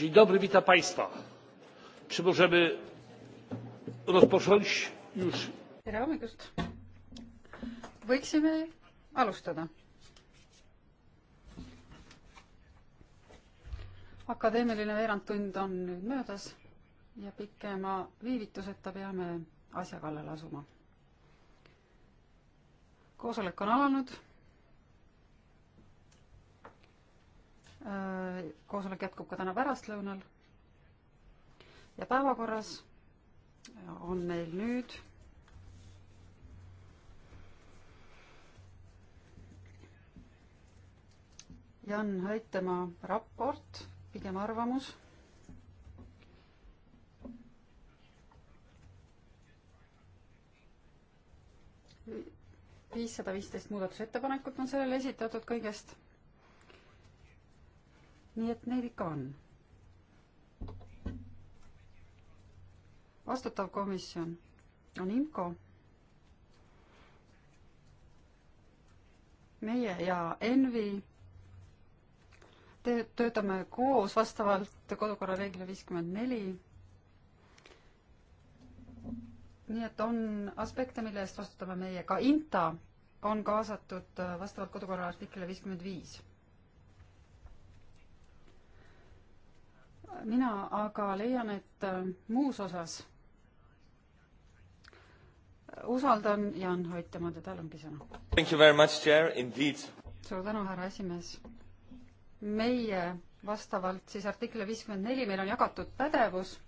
dzień dobry witam państwa czy możemy rozpocząć już tere hommikust võiksime alustada akadeemiline veerandtund on nüüd möödas ja pikema viivituseta peame asja kallale asuma koosolek on alanud Äh, koosolek jätkub ka täna pärastlõunal. ja päevakorras on meil nüüd Jan Haitemaa raport, pigem arvamus viissada viisteist muudatusettepanekut on sellele esitatud kõigest nii et neid ikka on. vastutav komisjon on IMCO. meie ja ENVI töötame koos vastavalt kodukorra reeglile viiskümmend neli. nii et on aspekte, mille eest vastutame meie, ka INTA on kaasatud äh, vastavalt kodukorra artiklile viiskümmend viis mina aga leian, et äh, muus osas usaldan Jan Hoitemaad ja tal ongi sõna. suur tänu, härra esimees. meie vastavalt siis artikli viiskümmend neli, meil on jagatud pädevus.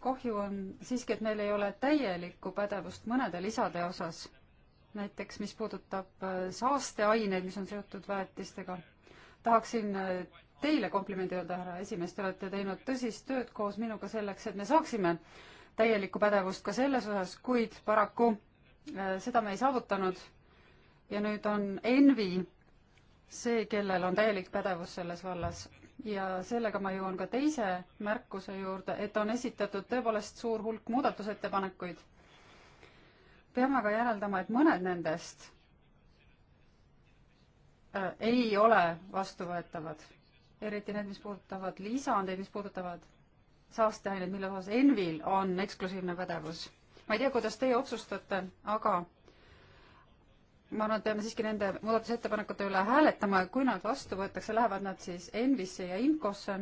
kahju on siiski, et meil ei ole täielikku pädevust mõnede lisade osas. näiteks, mis puudutab äh, saasteaineid, mis on seotud väetistega. tahaksin äh, teile komplimendi öelda, härra esimees, te olete teinud tõsist tööd koos minuga selleks, et me saaksime täielikku pädevust ka selles osas, kuid paraku äh, seda me ei saavutanud. ja nüüd on Envi see, kellel on täielik pädevus selles vallas ja sellega ma jõuan ka teise märkuse juurde, et on esitatud tõepoolest suur hulk muudatusettepanekuid. peame aga järeldama, et mõned nendest äh, ei ole vastuvõetavad eriti need, mis puudutavad lisandeid, mis puudutavad saasteaineid, mille osas Envil on eksklusiivne pädevus. ma ei tea, kuidas teie otsustate, aga ma arvan, et peame siiski nende muudatusettepanekute üle hääletama ja kui nad vastu võetakse, lähevad nad siis Envisse ja IMCO-sse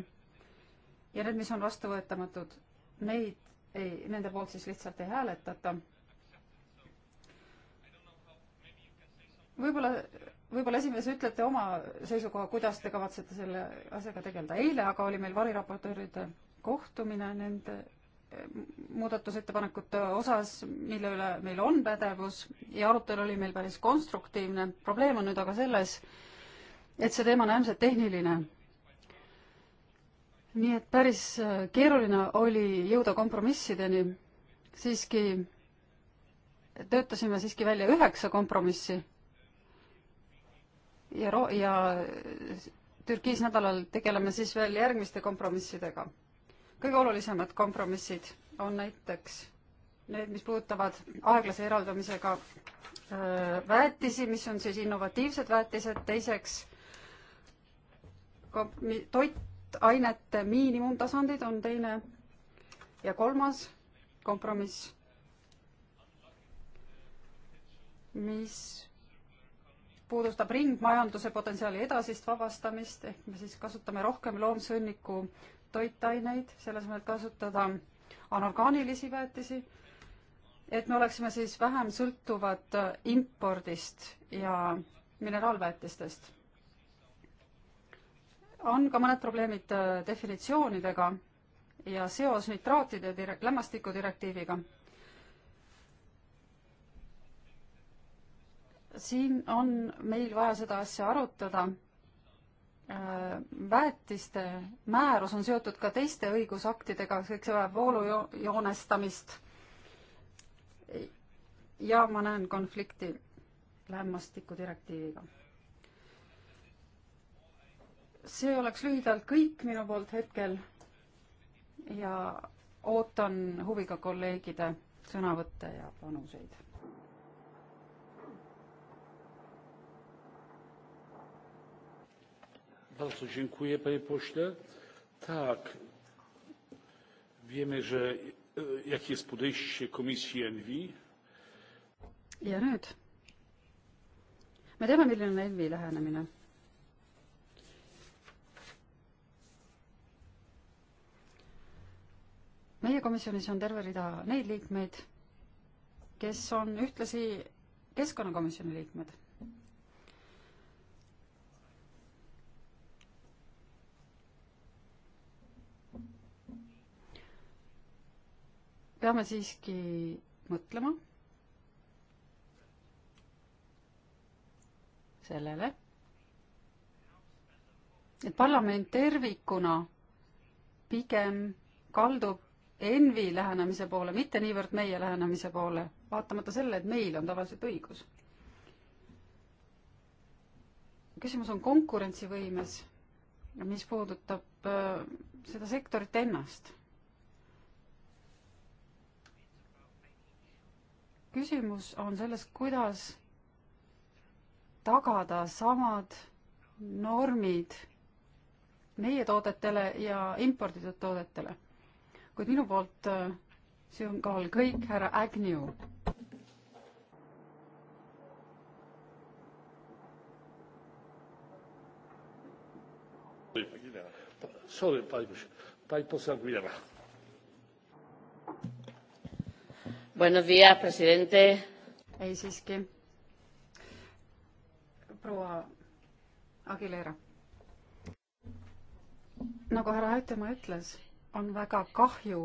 ja need, mis on vastuvõetamatud, neid ei, nende poolt siis lihtsalt ei hääletata. võib-olla võib-olla esimees ütlete oma seisukoha, kuidas te kavatsete selle asjaga tegeleda. eile aga oli meil variraportööride kohtumine nende eh, muudatusettepanekute osas, mille üle meil on pädevus ja arutelu oli meil päris konstruktiivne. probleem on nüüd aga selles, et see teema on äärmiselt tehniline. nii et päris eh, keeruline oli jõuda kompromissideni. siiski töötasime siiski välja üheksa kompromissi ja ro-, ja Türgis nädalal tegeleme siis veel järgmiste kompromissidega. kõige olulisemad kompromissid on näiteks need, mis puudutavad aeglase eraldamisega väetisi, mis on siis innovatiivsed väetised, teiseks kom-, toitainete miinimumtasandid on teine ja kolmas kompromiss, mis puudutab ringmajanduse potentsiaali edasist vabastamist, ehk me siis kasutame rohkem loomsõnniku toitaineid, selle asemel, et kasutada anorgaanilisi väetisi, et me oleksime siis vähem sõltuvad impordist ja mineraalväetistest. on ka mõned probleemid äh, definitsioonidega ja seos nitraatide direk-, lämmastikudirektiiviga siin on meil vaja seda asja arutada. Äh, väetiste määrus on seotud ka teiste õigusaktidega, kõik see vajab voolujoonestamist. ja ma näen konflikti lämmastikudirektiiviga. see oleks lühidalt kõik minu poolt hetkel ja ootan huviga kolleegide sõnavõtte ja panuseid Bardzo dziękuję, panie pośle. Tak, wiemy, że e, jakie jest podejście komisji ENVI. ja nüüd? me teame, milline on ENVI lähenemine. meie komisjonis on terve rida neid liikmeid, kes on ühtlasi keskkonnakomisjoni liikmed peame siiski mõtlema sellele, et parlament tervikuna pigem kaldub envi lähenemise poole, mitte niivõrd meie lähenemise poole, vaatamata sellele, et meil on tavaliselt õigus. küsimus on konkurentsivõimes, mis puudutab äh, seda sektorit ennast küsimus on selles, kuidas tagada samad normid meie toodetele ja imporditud toodetele. kuid minu poolt äh, see on ka kõik, härra Agnew. Sorry, pani poseł Aguilera. Buenos días, presidente. ei siiski. proua Aguilera. nagu härra Aitema ütles, on väga kahju,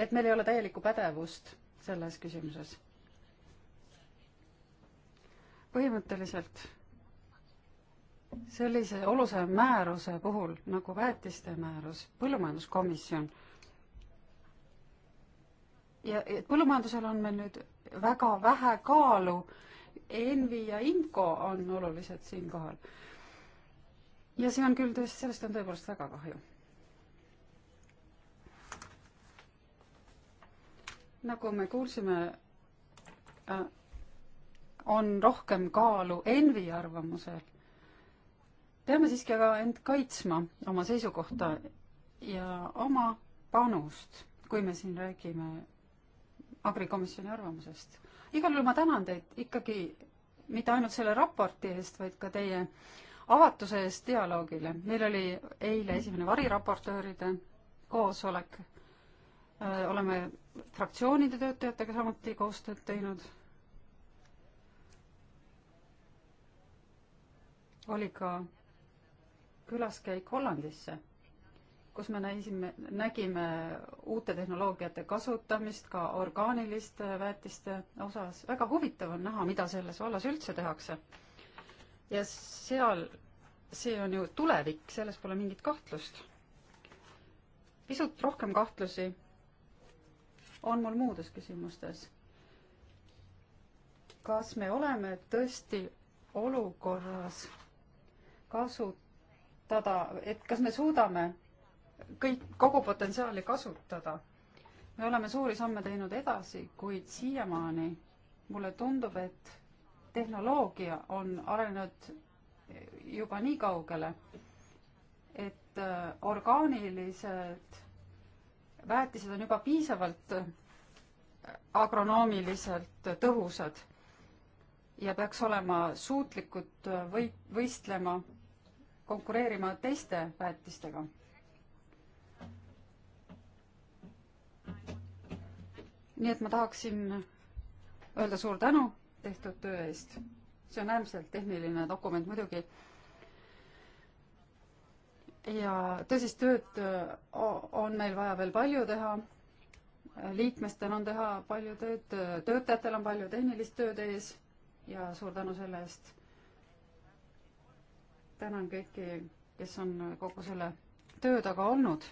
et meil ei ole täielikku pädevust selles küsimuses. põhimõtteliselt sellise olulise määruse puhul nagu väetiste määrus, põllumajanduskomisjon ja et põllumajandusel on meil nüüd väga vähe kaalu. Envi ja Inko on olulised siinkohal. ja see on küll tõesti, sellest on tõepoolest väga kahju. nagu me kuulsime, äh, on rohkem kaalu Envi arvamusel. peame siiski aga end kaitsma oma seisukohta ja oma panust, kui me siin räägime agrikomisjoni arvamusest. igal juhul ma tänan teid ikkagi mitte ainult selle raporti eest, vaid ka teie avatuse eest dialoogile. meil oli eile esimene variraportööride koosolek. Äh, oleme fraktsioonide töötajatega samuti koostööd teinud. oli ka külaskäik Hollandisse kus me näisime, nägime uute tehnoloogiate kasutamist ka orgaaniliste väetiste osas. väga huvitav on näha, mida selles vallas üldse tehakse. ja seal, see on ju tulevik, selles pole mingit kahtlust. pisut rohkem kahtlusi on mul muudes küsimustes. kas me oleme tõesti olukorras kasutada, et kas me suudame kõik, kogu potentsiaali kasutada. me oleme suuri samme teinud edasi, kuid siiamaani mulle tundub, et tehnoloogia on arenenud juba nii kaugele, et äh, orgaanilised väetised on juba piisavalt äh, agronoomiliselt tõhusad ja peaks olema suutlikud äh, või võistlema, konkureerima teiste väetistega nii et ma tahaksin öelda suur tänu tehtud töö eest. see on äärmiselt tehniline dokument muidugi. ja tõsist tööd äh, on meil vaja veel palju teha. liikmestel on teha palju tööd, töötajatel on palju tehnilist tööd ees ja suur tänu selle eest. tänan kõiki, kes on kogu selle töö taga olnud.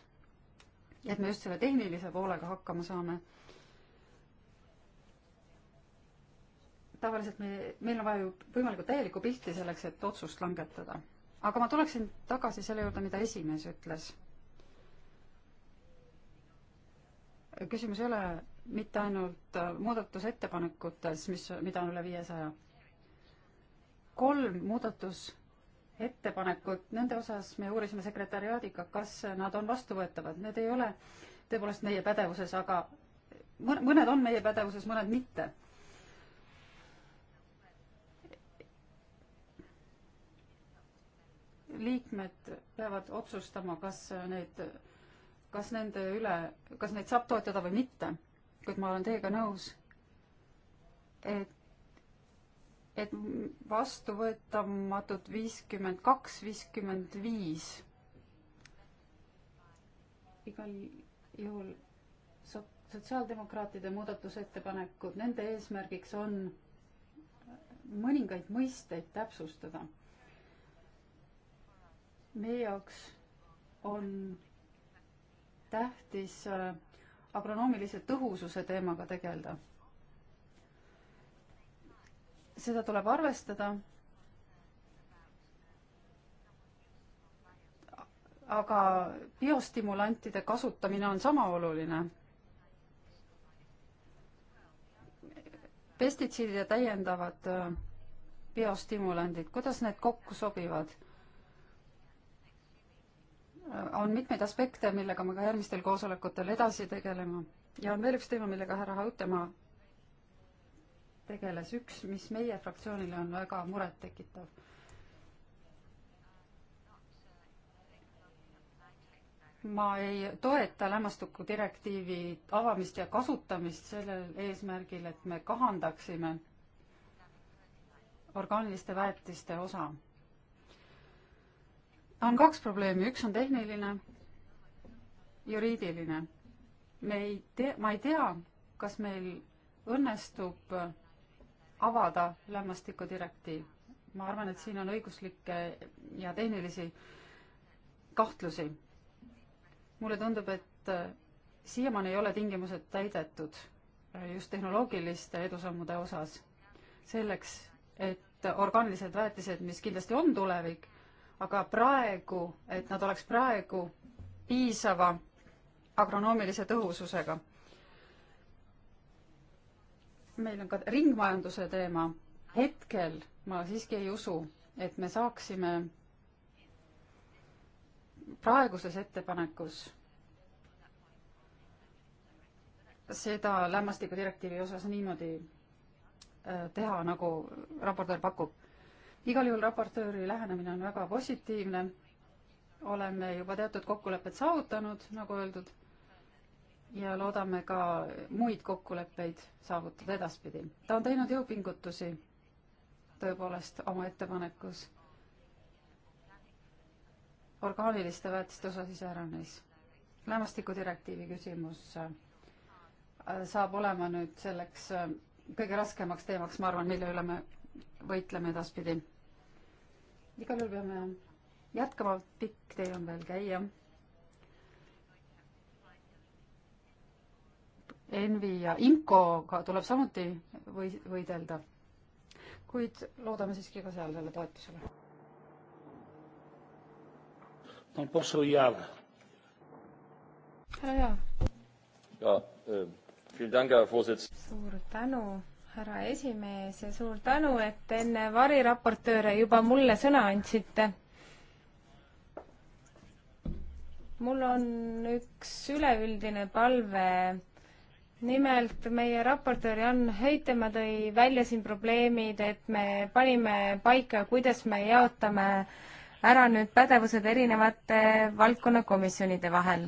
et me just selle tehnilise poolega hakkama saame tavaliselt me, meil on vaja ju võimalikult täielikku pilti selleks, et otsust langetada. aga ma tuleksin tagasi selle juurde, mida esimees ütles. küsimus ei ole mitte ainult äh, muudatusettepanekutes, mis, mida on üle viiesaja. kolm muudatusettepanekut, nende osas me uurisime sekretäriaadiga, kas nad on vastuvõetavad, need ei ole tõepoolest meie pädevuses, aga mõned on meie pädevuses, mõned mitte liikmed peavad otsustama, kas need, kas nende üle, kas neid saab toetada või mitte. kuid ma olen teiega nõus, et, et vastuvõetamatud viiskümmend kaks, viiskümmend viis igal juhul sotsiaaldemokraatide muudatusettepanekud, nende eesmärgiks on mõningaid mõisteid täpsustada meie jaoks on tähtis äh, agronoomilise tõhususe teemaga tegeleda. seda tuleb arvestada. aga biostimulantide kasutamine on sama oluline. pestitsiidid ja täiendavad äh, biostimulandid, kuidas need kokku sobivad? on mitmeid aspekte, millega me ka järgmistel koosolekutel edasi tegeleme. ja on veel üks teema, millega härra Hautamaa tegeles, üks, mis meie fraktsioonile on väga murettekitav. ma ei toeta lämmastiku direktiivi avamist ja kasutamist sellel eesmärgil, et me kahandaksime orgaaniliste väetiste osa on kaks probleemi, üks on tehniline, juriidiline. me ei tea, ma ei tea, kas meil õnnestub avada lämmastikudirektiiv. ma arvan, et siin on õiguslikke ja tehnilisi kahtlusi. mulle tundub, et äh, siiamaani ei ole tingimused täidetud äh, just tehnoloogiliste edusammude osas. selleks, et äh, orgaanilised väetised, mis kindlasti on tulevik, aga praegu, et nad oleks praegu piisava agronoomilise tõhususega. meil on ka ringmajanduse teema. hetkel ma siiski ei usu, et me saaksime praeguses ettepanekus seda lämmastikudirektiivi osas niimoodi äh, teha, nagu raportöör pakub igal juhul raportööri lähenemine on väga positiivne. oleme juba teatud kokkulepped saavutanud, nagu öeldud, ja loodame ka muid kokkuleppeid saavutada edaspidi. ta on teinud jõupingutusi tõepoolest oma ettepanekus orgaaniliste väetiste osas iseäranis. lämmastikudirektiivi küsimus äh, saab olema nüüd selleks äh, kõige raskemaks teemaks, ma arvan, mille üle me võitleme edaspidi igal juhul peame jätkama, pikk tee on veel käia. Envi ja Inkoga tuleb samuti või-, võidelda, kuid loodame siiski ka seal selle toetusele. Pan poseł Jar. härra Jaar. jaa, e, vielen Dank, Herr Vorsitz. suur tänu härra esimees ja suur tänu, et enne variraportööre juba mulle sõna andsite. mul on üks üleüldine palve. nimelt meie raportöör Jan Heitemaa tõi välja siin probleemid, et me panime paika, kuidas me jaotame äh, ära nüüd pädevused erinevate valdkonnakomisjonide vahel.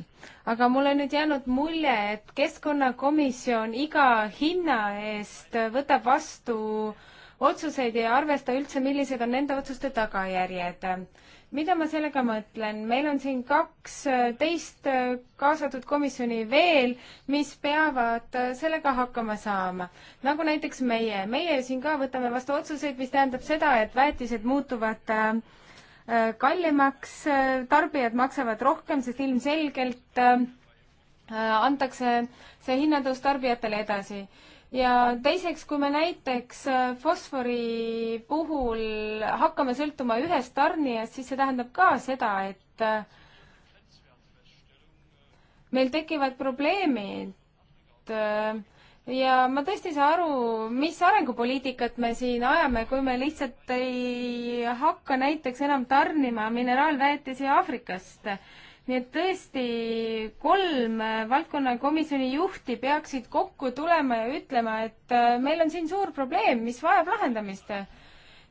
aga mul on nüüd jäänud mulje, et keskkonnakomisjon iga hinna eest võtab vastu otsuseid ja ei arvesta üldse, millised on nende otsuste tagajärjed. mida ma sellega mõtlen, meil on siin kaks teist kaasatud komisjoni veel, mis peavad sellega hakkama saama. nagu näiteks meie, meie siin ka võtame vastu otsuseid, mis tähendab seda, et väetised muutuvad äh, Äh, kallimaks, äh, tarbijad maksavad rohkem, sest ilmselgelt äh, antakse see hinnatõus tarbijatele edasi. ja teiseks, kui me näiteks fosfori puhul hakkame sõltuma ühest tarnijast, siis see tähendab ka seda, et meil tekivad probleemid ja ma tõesti ei saa aru, mis arengupoliitikat me siin ajame, kui me lihtsalt ei hakka näiteks enam tarnima mineraalväetisi Aafrikast. nii et tõesti, kolm valdkonnakomisjoni juhti peaksid kokku tulema ja ütlema, et äh, meil on siin suur probleem, mis vajab lahendamist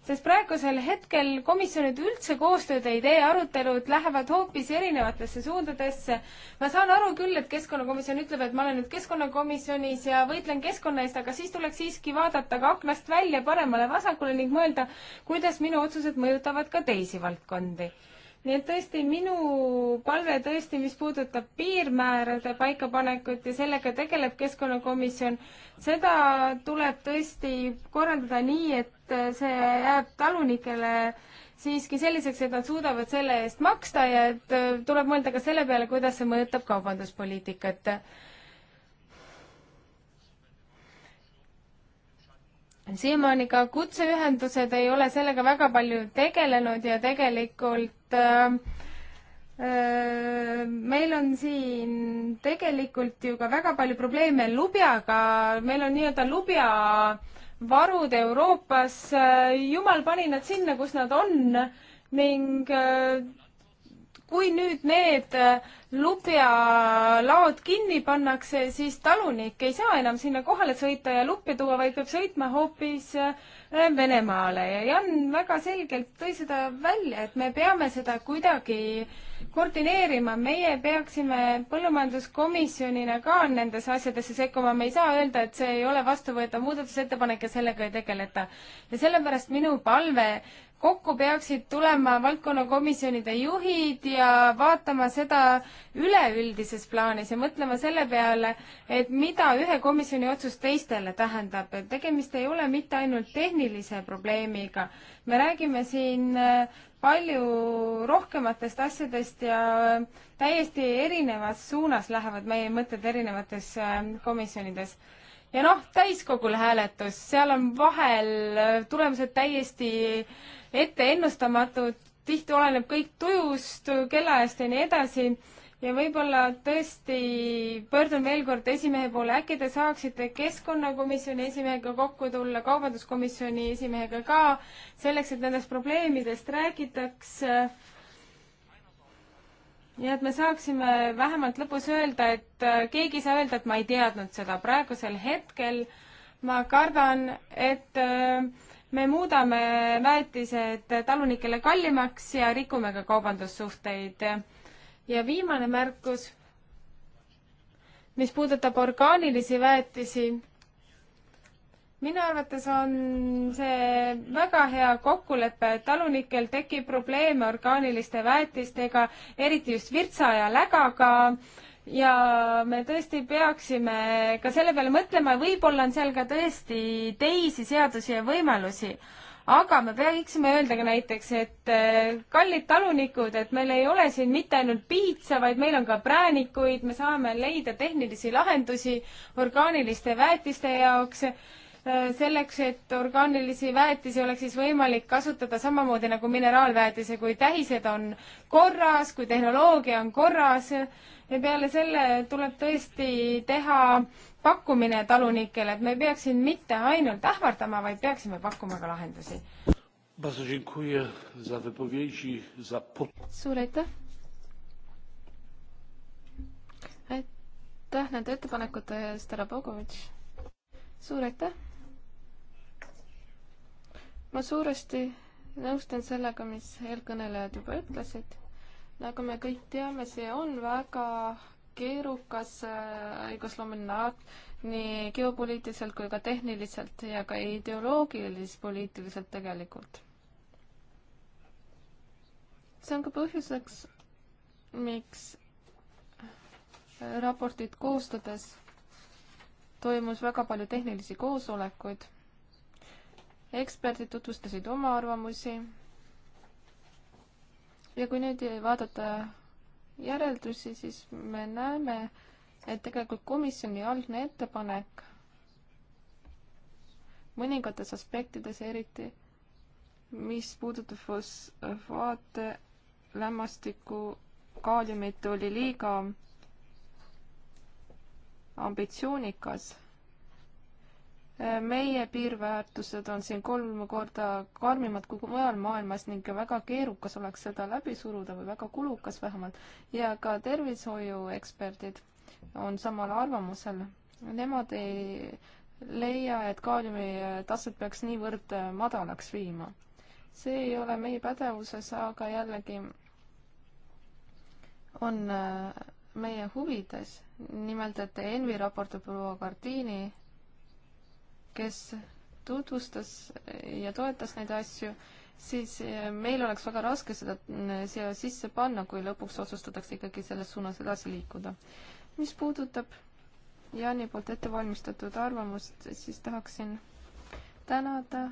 sest praegusel hetkel komisjonid üldse koostööd ei tee, arutelud lähevad hoopis erinevatesse suundadesse. ma saan aru küll, et keskkonnakomisjon ütleb, et ma olen nüüd keskkonnakomisjonis ja võitlen keskkonna eest, aga siis tuleks siiski vaadata ka aknast välja paremale-vasakule ning mõelda, kuidas minu otsused mõjutavad ka teisi valdkondi nii et tõesti, minu palve tõesti, mis puudutab piirmäärade paikapanekut ja sellega tegeleb Keskkonnakomisjon, seda tuleb tõesti korraldada nii, et see jääb talunikele siiski selliseks, et nad suudavad selle eest maksta ja et tuleb mõelda ka selle peale, kuidas see mõjutab kaubanduspoliitikat siiamaani ka kutseühendused ei ole sellega väga palju tegelenud ja tegelikult et äh, äh, meil on siin tegelikult ju ka väga palju probleeme lubjaga, meil on nii-öelda lubja varud Euroopas, äh, jumal pani nad sinna, kus nad on ning kui nüüd need lubjalaod kinni pannakse, siis talunik ei saa enam sinna kohale sõita ja lupja tuua, vaid peab sõitma hoopis Venemaale ja Jan väga selgelt tõi seda välja, et me peame seda kuidagi koordineerima, meie peaksime põllumajanduskomisjonina ka nendesse asjadesse sekkuma, me ei saa öelda, et see ei ole vastuvõetav muudatusettepanek ja sellega ei tegeleta. ja sellepärast minu palve kokku peaksid tulema valdkonnakomisjonide juhid ja vaatama seda üleüldises plaanis ja mõtlema selle peale, et mida ühe komisjoni otsus teistele tähendab, et tegemist ei ole mitte ainult tehnilise probleemiga. me räägime siin äh, palju rohkematest asjadest ja täiesti erinevas suunas lähevad meie mõtted erinevates äh, komisjonides ja noh, täiskogul hääletus, seal on vahel äh, tulemused täiesti äh, ette ennustamatud, tihti oleneb kõik tujust, kellaajast ja nii edasi ja võib-olla tõesti pöördun veel kord esimehe poole, äkki te saaksite keskkonnakomisjoni esimehega kokku tulla, kaubanduskomisjoni esimehega ka, selleks, et nendest probleemidest räägitaks. ja et me saaksime vähemalt lõpus öelda, et äh, keegi ei saa öelda, et ma ei teadnud seda, praegusel hetkel ma kardan, et äh, me muudame väetised talunikele kallimaks ja rikume ka kaubandussuhteid. ja viimane märkus, mis puudutab orgaanilisi väetisi minu arvates on see väga hea kokkulepe, et talunikel tekib probleeme orgaaniliste väetistega, eriti just virtsa ja lägaga ja me tõesti peaksime ka selle peale mõtlema ja võib-olla on seal ka tõesti teisi seadusi ja võimalusi. aga me peaksime öelda ka näiteks, et äh, kallid talunikud, et meil ei ole siin mitte ainult piitsa, vaid meil on ka präänikuid, me saame leida tehnilisi lahendusi orgaaniliste väetiste jaoks Äh, selleks, et orgaanilisi väetisi oleks siis võimalik kasutada samamoodi nagu mineraalväetise, kui tähised on korras, kui tehnoloogia on korras ja peale selle tuleb tõesti teha pakkumine talunikele, et me ei peaks siin mitte ainult ähvardama, vaid peaksime pakkuma ka lahendusi. suur aitäh! aitäh nende ettepanekute eest, härra Bogovitš! suur aitäh! ma suuresti nõustun sellega, mis eelkõnelejad juba ütlesid. nagu me kõik teame, see on väga keerukas äh, õigusloomeline akt nii geopoliitiliselt kui ka tehniliselt ja ka ideoloogiliselt, poliitiliselt tegelikult. see on ka põhjuseks, miks äh, raportit koostades toimus väga palju tehnilisi koosolekuid eksperdid tutvustasid oma arvamusi. ja kui nüüd vaadata järeldusi, siis me näeme, et tegelikult komisjoni algne ettepanek mõningates aspektides eriti, mis puudutab fosfaate, lämmastiku, kaaliumit, oli liiga ambitsioonikas meie piirväärtused on siin kolm korda karmimad kui mujal maailmas ning väga keerukas oleks seda läbi suruda või väga kulukas vähemalt. ja ka tervishoiueksperdid on samal arvamusel. Nemad ei leia, et kaaliumi taset peaks niivõrd madalaks viima. see ei ole meie pädevuses, aga jällegi on äh, meie huvides, nimelt et Envi raporti proua Kardiini kes tutvustas ja toetas neid asju, siis eh, meil oleks väga raske seda mm, siia sisse panna, kui lõpuks otsustatakse ikkagi selles suunas edasi liikuda. mis puudutab Jaani poolt ette valmistatud arvamust, siis tahaksin tänada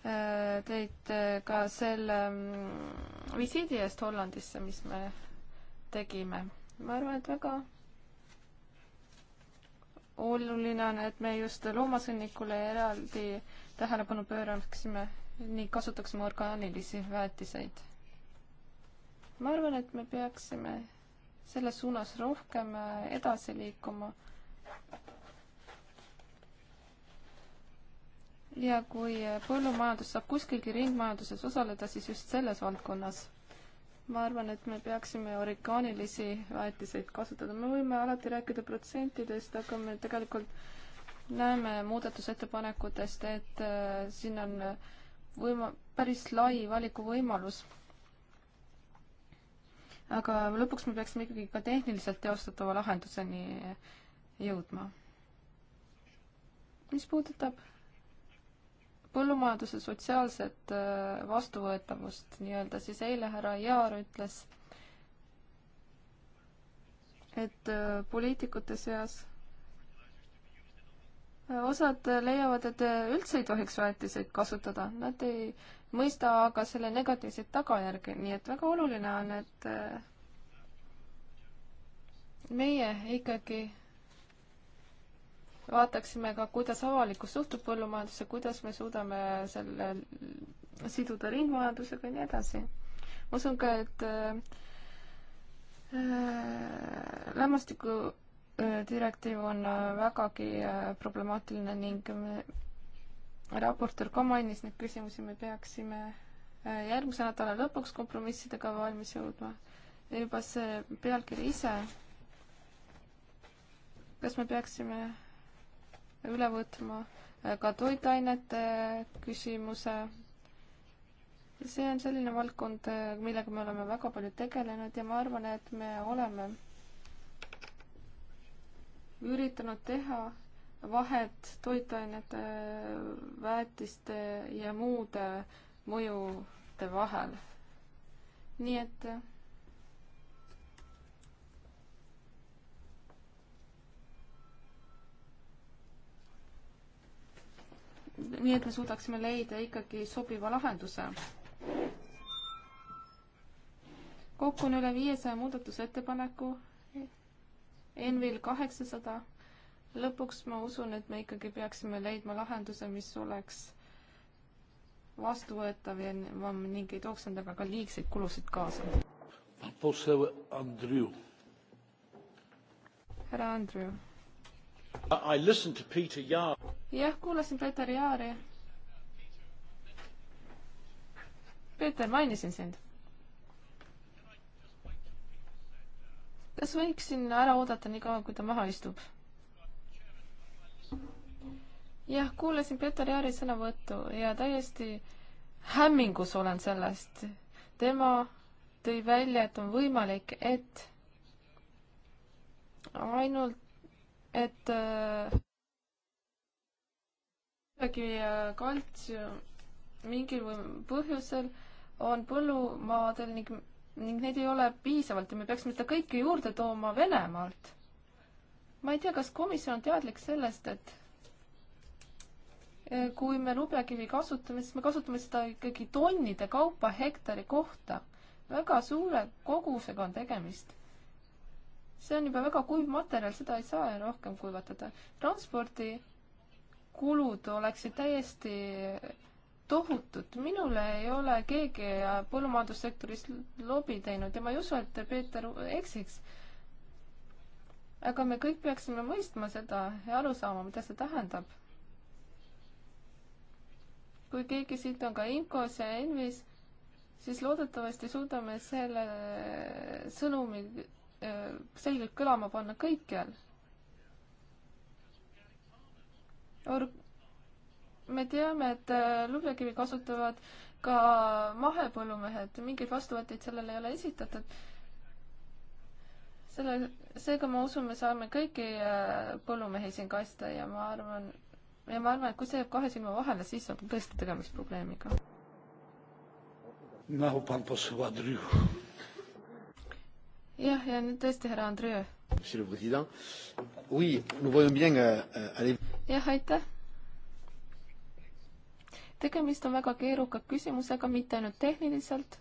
eh, teid eh, ka selle mm, visiidi eest Hollandisse, mis me tegime. ma arvan, et väga oluline on, et me just loomasõnnikule eraldi tähelepanu pööraksime ning kasutaksime orgaanilisi väetiseid. ma arvan, et me peaksime selles suunas rohkem äh, edasi liikuma. ja kui äh, põllumajandus saab kuskilgi ringmajanduses osaleda, siis just selles valdkonnas ma arvan, et me peaksime orikaanilisi väetiseid kasutada, me võime alati rääkida protsentidest, aga me tegelikult näeme muudatusettepanekutest, et äh, siin on äh, võima-, päris lai valikuvõimalus. aga lõpuks me peaksime ikkagi ka tehniliselt teostatava lahenduseni äh, jõudma. mis puudutab põllumajanduse sotsiaalset äh, vastuvõetavust nii-öelda, siis eile härra Jaar ütles, et äh, poliitikute seas äh, osad leiavad, et üldse ei tohiks väetiseid kasutada, nad ei mõista aga selle negatiivseid tagajärgi, nii et väga oluline on, et meie ikkagi vaataksime ka, kuidas avalikkus suhtub põllumajandusse, kuidas me suudame selle siduda ringmajandusega ja nii edasi. ma usun ka, et äh, lämmastiku äh, direktiiv on äh, vägagi äh, problemaatiline ning raportöör ka mainis neid küsimusi, me peaksime järgmise nädala lõpuks kompromissidega valmis jõudma. juba see pealkiri ise, kas me peaksime üle võtma äh, ka toitainete äh, küsimuse. see on selline valdkond, äh, millega me oleme väga palju tegelenud ja ma arvan, et me oleme üritanud teha vahet toitainete, väetiste ja muude mõjude vahel. nii et nii et me suudaksime leida ikkagi sobiva lahenduse. kokku on üle viiesaja muudatusettepaneku, Envil kaheksasada. lõpuks ma usun, et me ikkagi peaksime leidma lahenduse, mis oleks vastuvõetav ja ning ei tooks endaga ka liigseid kulusid kaasa. härra Andrew jah, kuulasin Peeter Jaari. Peeter, mainisin sind. kas võiksin ära oodata nii kaua, kui ta maha istub? jah, kuulasin Peeter Jaari sõnavõttu ja täiesti hämmingus olen sellest. tema tõi välja, et on võimalik, et ainult et äh, kuidagi äh, kaltsium mingil või põhjusel on põllumaadel ning, ning neid ei ole piisavalt ja me peaksime seda kõike juurde tooma Venemaalt. ma ei tea, kas komisjon on teadlik sellest, et äh, kui me lubjakivi kasutame, siis me kasutame seda ikkagi tonnide kaupa hektari kohta. väga suure kogusega on tegemist see on juba väga kuiv materjal, seda ei saa rohkem kuivatada. transpordikulud oleksid täiesti tohutud, minule ei ole keegi põllumajandussektoris lobi teinud ja ma ei usu, et Peeter eksiks. aga me kõik peaksime mõistma seda ja aru saama, mida see tähendab. kui keegi siit on ka Inkos ja Envis, siis loodetavasti suudame selle sõnumi Äh, selgelt kõlama panna kõikjal. me teame, et äh, lubjakivi kasutavad ka mahepõllumehed, mingeid vastuvõtteid sellele ei ole esitatud. selle, seega ma usun, me saame kõiki äh, põllumehi siin kaitsta ja ma arvan, ja ma arvan, et kui see jääb kahe silma vahele, siis on tõesti tegemist probleemiga. Now, Pampas Vadriu jah, ja nüüd tõesti, härra Andrei. Euh, euh, jah, aitäh. tegemist on väga keeruka küsimusega, mitte ainult tehniliselt,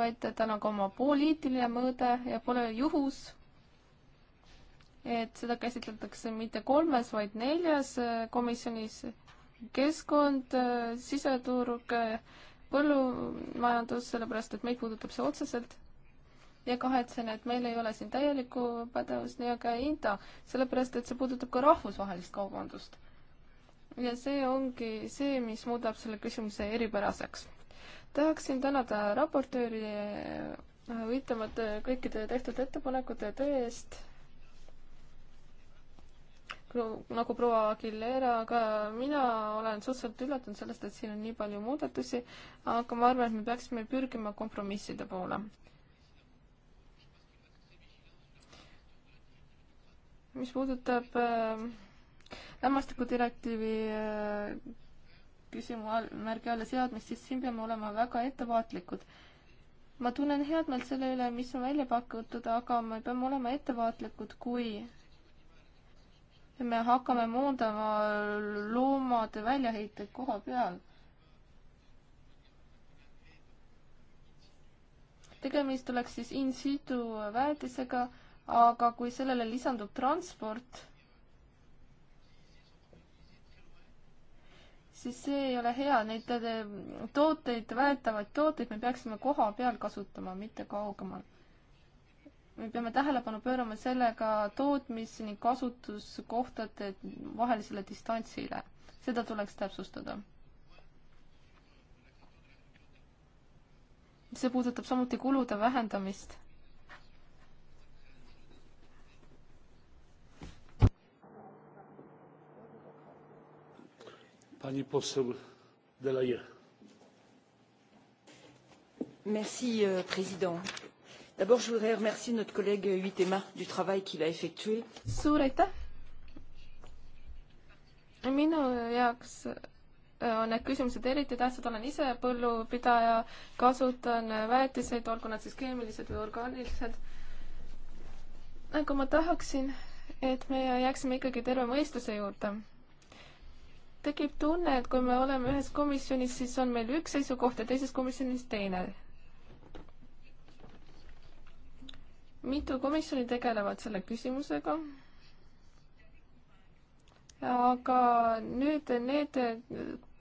vaid tal on ka oma poliitiline mõõde ja pole juhus, et seda käsitletakse mitte kolmes, vaid neljas äh, komisjonis keskkond, äh, siseturg, äh, põllumajandus, sellepärast et meid puudutab see otseselt ja kahetsen, et meil ei ole siin täielikku pädevust, nii aga INTA, sellepärast et see puudutab ka rahvusvahelist kaubandust. ja see ongi see, mis muudab selle küsimuse eripäraseks. tahaksin tänada raportööri huvitavate kõikide tehtud ettepanekute töö eest nagu proua Aguilera, aga mina olen suhteliselt üllatunud sellest, et siin on nii palju muudatusi, aga ma arvan, et me peaksime pürgima kompromisside poole. mis puudutab ähm, lämmastikudirektiivi äh, küsimärgi alla seadmist, siis siin peame olema väga ettevaatlikud. ma tunnen head meelt selle üle, mis on välja pakutud, aga me peame olema ettevaatlikud, kui me hakkame muundama loomade väljaheiteid koha peal. tegemist oleks siis in situ väetisega aga kui sellele lisandub transport, siis see ei ole hea, neid äh, tooteid, väetavaid tooteid me peaksime koha peal kasutama, mitte kaugemal. me peame tähelepanu pöörama sellega tootmis- ning kasutuskohtade vahelisele distantsile. seda tuleks täpsustada. see puudutab samuti kulude vähendamist pani poseł delahaye. monsieur le président d'abord je voudrais remercier notre collègue huitema du travail qu'il a effectué. suur aitäh! minu jaoks äh, on need küsimused eriti tähtsad, olen ise põllupidaja, kasutan väetiseid, olgu nad siis keemilised või orgaanilised. aga nagu ma tahaksin, et me jääksime ikkagi terve mõistuse juurde tekib tunne, et kui me oleme ühes komisjonis, siis on meil üks seisukoht ja teises komisjonis teine. mitu komisjoni tegelevad selle küsimusega? aga nüüd need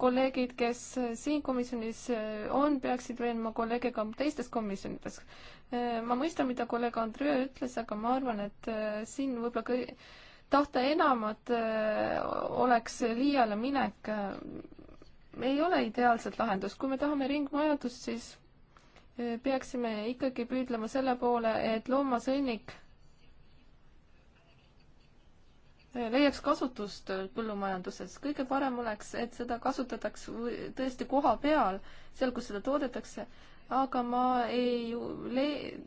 kolleegid, kes siin komisjonis on, peaksid veenma kolleege ka teistes komisjonides. ma mõistan, mida kolleeg Andrei ütles, aga ma arvan, et äh, siin võib-olla kõi-, tahta enamat äh, oleks liiale minek, ei ole ideaalset lahendust, kui me tahame ringmajandust, siis äh, peaksime ikkagi püüdlema selle poole, et loomasõnnik äh, leiaks kasutust põllumajanduses, kõige parem oleks, et seda kasutataks tõesti koha peal, seal, kus seda toodetakse, aga ma ei le-,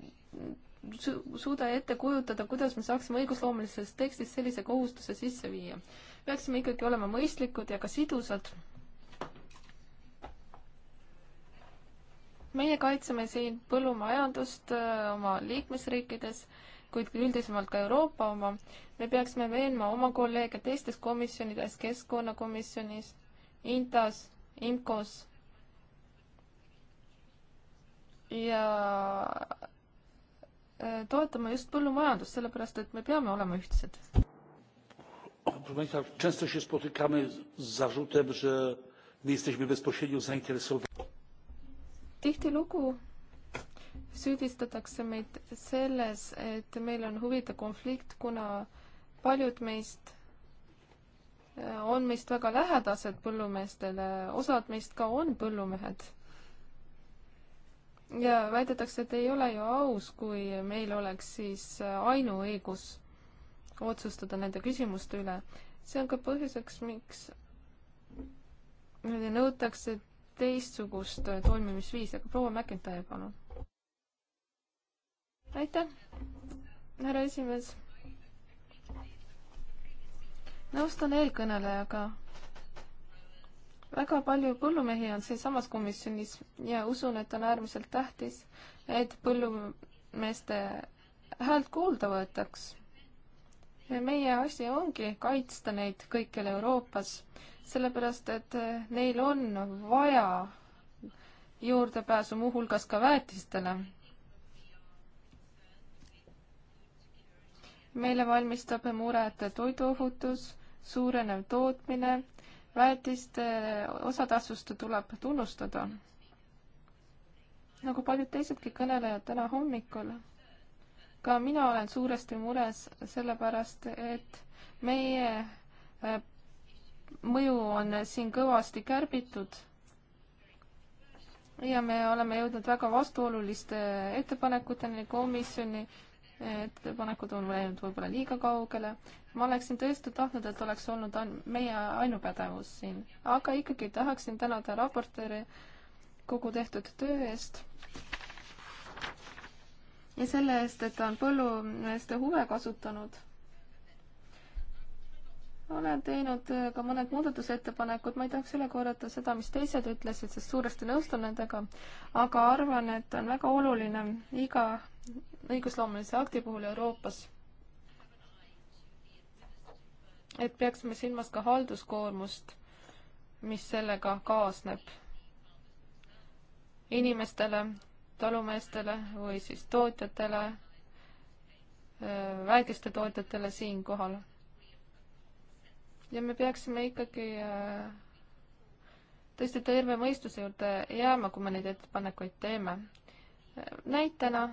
su suuda ette kujutada, kuidas me saaksime õigusloomelises tekstis sellise kohustuse sisse viia. peaksime ikkagi olema mõistlikud ja ka sidusad. meie kaitseme siin põllumajandust äh, oma liikmesriikides, kuid üldisemalt ka Euroopa oma. me peaksime veenma oma kolleege teistes komisjonides, keskkonnakomisjonis, Intas, IMCO-s ja Äh, toetama just põllumajandust, sellepärast et me peame olema ühtsed. Proszę Państwa, często się spotykamy z zarzutem, że nie jesteśmy bezpośrednio zainteresowani. Tihtilugu süüdistatakse meid selles, et meil on huvide konflikt, kuna paljud meist äh, on meist väga lähedased põllumeestele, osad meist ka on põllumehed ja väidetakse, et ei ole ju aus, kui meil oleks siis ainuõigus otsustada nende küsimuste üle. see on ka põhjuseks, miks nõutakse teistsugust toimimisviisi, aga proua McIntyre, palun. aitäh, härra esimees. nõustun eelkõnelejaga väga palju põllumehi on siinsamas komisjonis ja usun, et on äärmiselt tähtis, et põllumeeste häält kuulda võetaks. meie asi ongi kaitsta neid kõikjal Euroopas, sellepärast et neil on vaja juurdepääsu muuhulgas ka väetistele. meile valmistab muret toiduohutus, suurenev tootmine väetiste eh, osatähtsust tuleb tunnustada. nagu paljud teisedki kõnelejad täna hommikul, ka mina olen suuresti mures sellepärast, et meie eh, mõju on siin kõvasti kärbitud ja me oleme jõudnud väga vastuoluliste ettepanekuteni komisjoni äh, ettepanekud on läinud võib-olla liiga kaugele. ma oleksin tõesti tahtnud, et oleks olnud ain meie ainupädevus siin, aga ikkagi tahaksin tänada raportööri kogu tehtud töö eest. ja selle eest, et ta on põllumeeste huve kasutanud. olen teinud äh, ka mõned muudatusettepanekud, ma ei tahaks üle korrata seda, mis teised ütlesid, sest suuresti nõustun nendega, aga arvan, et on väga oluline iga õigusloomelise akti puhul Euroopas, et peaksime silmas ka halduskoormust, mis sellega kaasneb inimestele, talumeestele või siis tootjatele, väikeste tootjatele siinkohal. ja me peaksime ikkagi tõesti terve mõistuse juurde jääma, kui me neid ettepanekuid teeme. näitena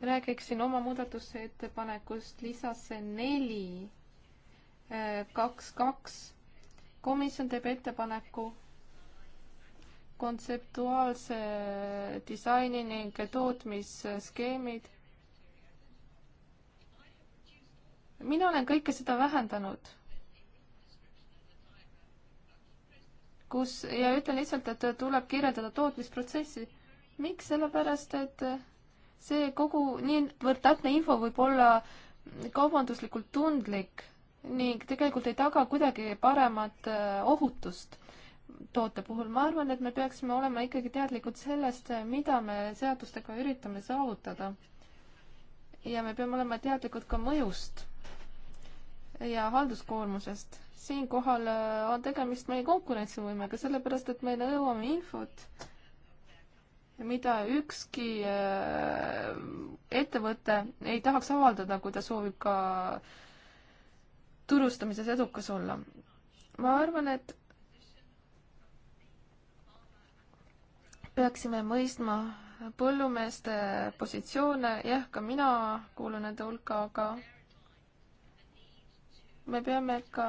räägiksin oma muudatusettepanekust lisasse neli, äh, kaks, kaks. komisjon teeb ettepaneku kontseptuaalse disaini ning tootmisskeemid. mina olen kõike seda vähendanud. kus ja ütlen lihtsalt, et tuleb kirjeldada tootmisprotsessi. miks, sellepärast et see kogu niivõrd täpne info võib olla kaubanduslikult tundlik ning tegelikult ei taga kuidagi paremat äh, ohutust toote puhul. ma arvan, et me peaksime olema ikkagi teadlikud sellest, äh, mida me seadustega üritame saavutada. ja me peame olema teadlikud ka mõjust ja halduskoormusest. siinkohal äh, on tegemist meie konkurentsivõimega, sellepärast et me nõuame infot mida ükski äh, ettevõte ei tahaks avaldada, kui ta soovib ka turustamises edukas olla. ma arvan, et peaksime mõistma põllumeeste positsioone, jah, ka mina kuulun nende hulka, aga me peame ka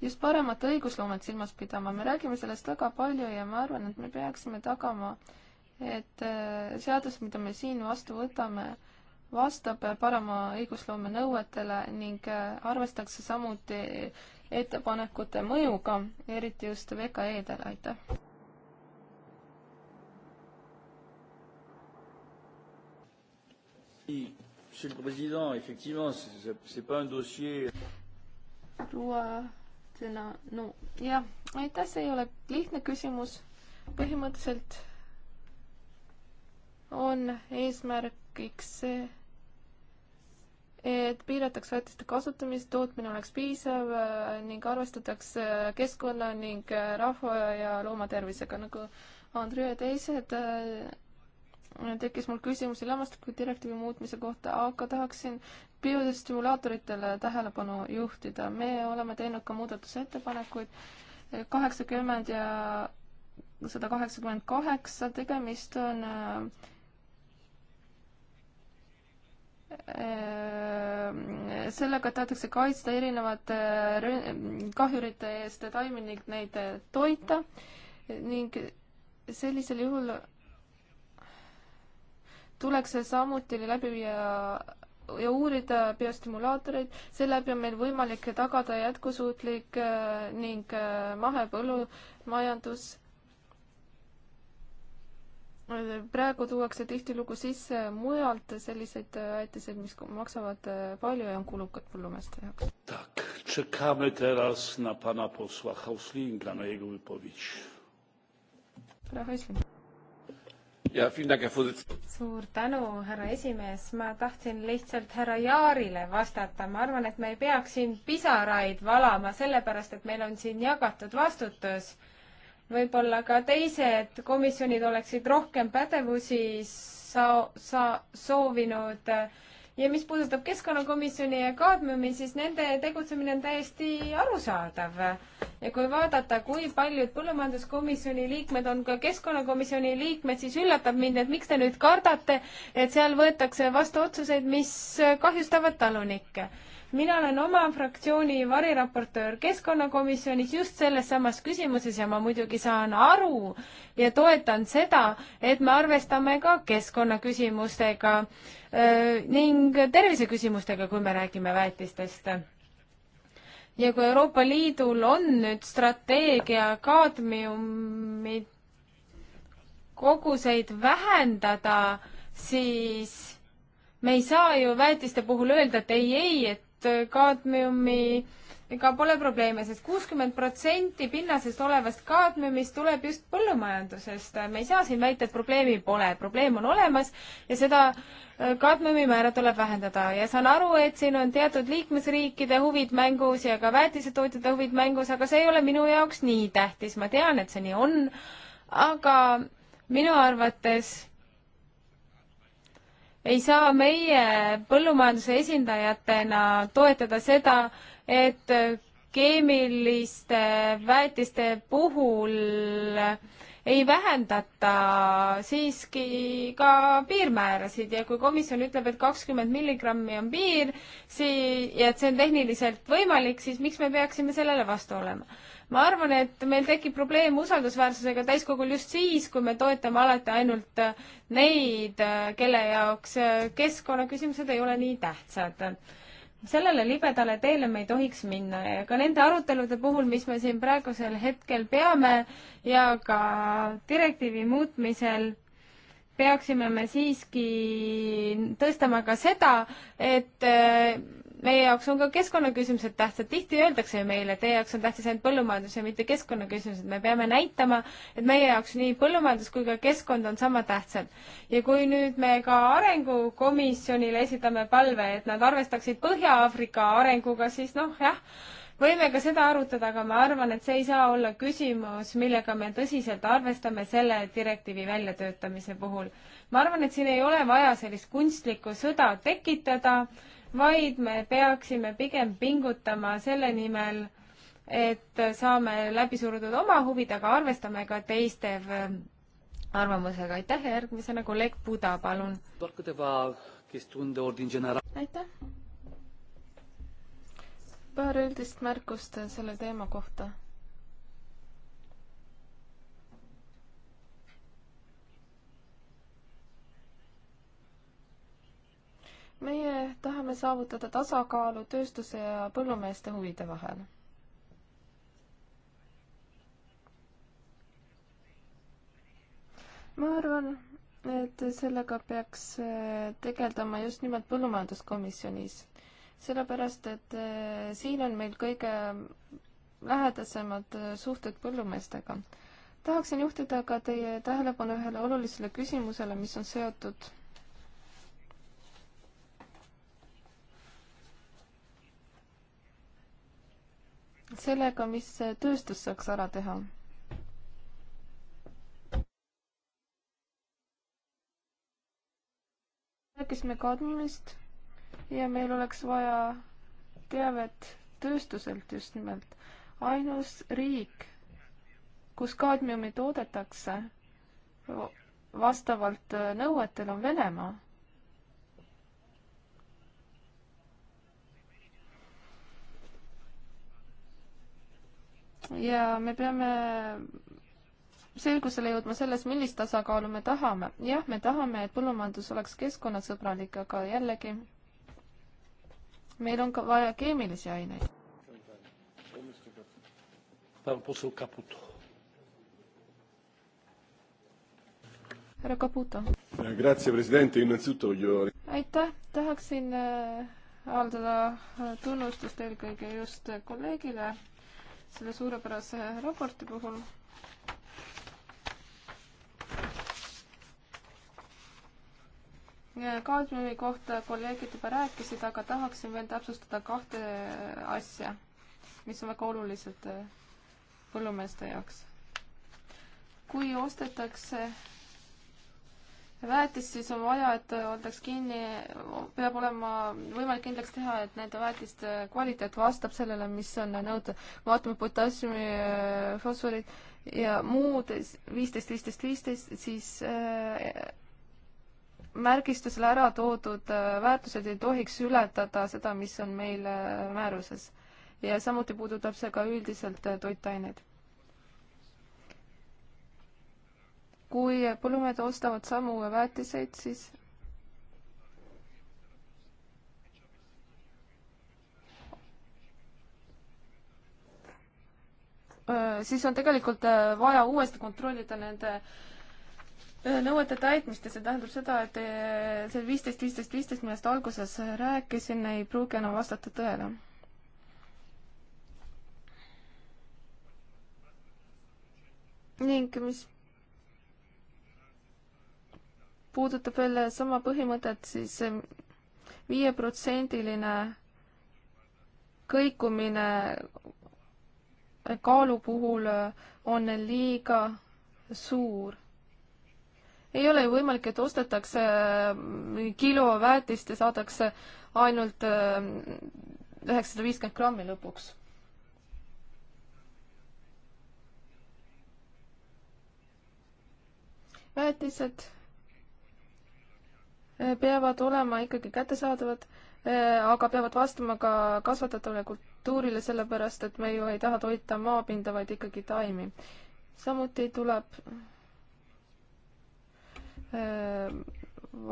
just paremat õigusloomet silmas pidama, me räägime sellest väga palju ja ma arvan, et me peaksime tagama, et äh, seadus, mida me siin vastu võtame, vastab parema õigusloome nõuetele ning äh, arvestatakse samuti ettepanekute mõjuga, eriti just VKE-dele, aitäh! Monsieur le Président, effectivement, c'est pas un dossier. Proua sõna, no jah, aitäh, see ei ole lihtne küsimus. põhimõtteliselt on eesmärgiks see, et piiratakse väetiste kasutamist, tootmine oleks piisav äh, ning arvestatakse äh, keskkonna ning äh, rahva ja looma tervisega, nagu Andrea teised tekkis mul küsimusi lämmastiku direktiivi muutmise kohta, aga tahaksin biostimulaatoritele tähelepanu juhtida. me oleme teinud ka muudatusettepanekuid kaheksakümmend ja sada kaheksakümmend kaheksa, tegemist on äh, sellega tahetakse kaitsta erinevate äh, kahjurite eest taimi ning neid toita ning sellisel juhul tuleks samuti läbi viia ja uurida biostimulaatoreid, seeläbi on meil võimalik tagada jätkusuutlik äh, ning äh, mahepõllumajandus. praegu tuuakse tihtilugu sisse mujalt selliseid väetiseid, äh, mis maksavad palju ja on kulukad põllumeeste jaoks. Tak, czekamy teraz na pana posła Hauslinga, na jego wypowiedź. Proszę suur tänu, härra esimees, ma tahtsin lihtsalt härra Jaarile vastata, ma arvan, et me ei peaks siin pisaraid valama, sellepärast et meil on siin jagatud vastutus. võib-olla ka teised komisjonid oleksid rohkem pädevusi sa-, sa-, soovinud äh, ja mis puudutab Keskkonnakomisjoni ja Kaadmiumi, siis nende tegutsemine on täiesti arusaadav. ja kui vaadata, kui paljud Põllumajanduskomisjoni liikmed on ka Keskkonnakomisjoni liikmed, siis üllatab mind, et miks te nüüd kardate, et seal võetakse vastu otsuseid, mis kahjustavad talunikke mina olen oma fraktsiooni variraportöör Keskkonnakomisjonis just selles samas küsimuses ja ma muidugi saan aru ja toetan seda, et me arvestame ka keskkonnaküsimustega äh, ning terviseküsimustega, kui me räägime väetistest ja kui Euroopa Liidul on nüüd strateegia kaadmiumi koguseid vähendada, siis me ei saa ju väetiste puhul öelda, et ei, ei, et kaadmiumiga pole probleeme sest, sest kuuskümmend protsenti pinnasest olevast kaadmiumist tuleb just põllumajandusest. me ei saa siin väita, et probleemi pole, probleem on olemas ja seda äh, kaadmiumi määra tuleb vähendada ja saan aru, et siin on teatud liikmesriikide huvid mängus ja ka väetisetootjate huvid mängus, aga see ei ole minu jaoks nii tähtis, ma tean, et see nii on, aga minu arvates ei saa meie põllumajanduse esindajatena toetada seda, et keemiliste väetiste puhul ei vähendata siiski ka piirmäärasid ja kui komisjon ütleb, et kakskümmend milligrammi on piir, sii-, ja et see on tehniliselt võimalik, siis miks me peaksime sellele vastu olema? ma arvan, et meil tekib probleem usaldusväärsusega täiskogul just siis, kui me toetame alati ainult äh, neid, äh, kelle jaoks äh, keskkonnaküsimused ei ole nii tähtsad sellele libedale teele me ei tohiks minna ja ka nende arutelude puhul, mis me siin praegusel hetkel peame ja ka direktiivi muutmisel, peaksime me siiski tõstama ka seda, et meie jaoks on ka keskkonnaküsimused tähtsad, tihti öeldakse ju meile, teie jaoks on tähtis ainult põllumajandus ja mitte keskkonnaküsimused, me peame näitama, et meie jaoks nii põllumajandus kui ka keskkond on sama tähtsad. ja kui nüüd me ka Arengukomisjonile esitame palve, et nad arvestaksid Põhja-Aafrika arenguga, siis noh, jah, võime ka seda arutada, aga ma arvan, et see ei saa olla küsimus, millega me tõsiselt arvestame selle direktiivi väljatöötamise puhul. ma arvan, et siin ei ole vaja sellist kunstlikku sõda tekitada vaid me peaksime pigem pingutama selle nimel, et saame läbi surutud oma huvid, aga arvestame ka teiste äh, arvamusega. aitäh ja järgmisena kolleeg Buda, palun. aitäh. paar üldist märkust selle teema kohta meie tahame saavutada tasakaalu tööstuse ja põllumeeste huvide vahel. ma arvan, et sellega peaks eh, tegeldama just nimelt põllumajanduskomisjonis, sellepärast et eh, siin on meil kõige lähedasemad eh, suhted põllumeestega. tahaksin juhtida ka teie tähelepanu ühele olulisele küsimusele, mis on seotud sellega, mis tööstus saaks ära teha. rääkisime kadmist ja meil oleks vaja teavet tööstuselt just nimelt. ainus riik, kus kaadmiumi toodetakse vastavalt nõuetele, on Venemaa ja me peame selgusele jõudma selles, millist tasakaalu me tahame. jah, me tahame, et põllumajandus oleks keskkonnasõbralik, aga jällegi meil on ka vaja keemilisi aineid. härra Caputo. aitäh, tahaksin äh, avaldada äh, tunnustust eelkõige just kolleegile selle suurepärase raporti puhul. kaadmiumi kohta kolleegid juba rääkisid, aga tahaksin veel täpsustada kahte asja, mis on väga olulised eh, põllumeeste jaoks. kui ostetakse väetist, siis on vaja, et oldaks kinni, peab olema võimalik kindlaks teha, et nende väetiste kvaliteet vastab sellele, mis on nõutud. vaatame potassiumi, äh, fosforit ja muud viisteist, viisteist, viisteist, siis äh, märgistusele ära toodud äh, väärtused ei tohiks ületada seda, mis on meil määruses. ja samuti puudutab see ka üldiselt toitaineid kui põllumehed ostavad samu väetiseid, siis siis on tegelikult vaja uuesti kontrollida nende nõuete täitmist ja see tähendab seda, et see viisteist, viisteist, viisteist, millest alguses rääkisin, ei pruugi enam vastata tõele. ning mis puudutab veel sama põhimõtet, siis ähm, viieprotsendiline kõikumine kaalu puhul äh, on liiga suur. ei ole ju võimalik, et ostetakse äh, kilo väetist ja saadakse ainult äh, üheksasada viiskümmend grammi lõpuks väetised Äh, peavad olema ikkagi kättesaadavad, äh, aga peavad vastama ka kasvatatavale kultuurile, sellepärast et me ju ei taha toita maapinda, vaid ikkagi taimi. samuti tuleb äh,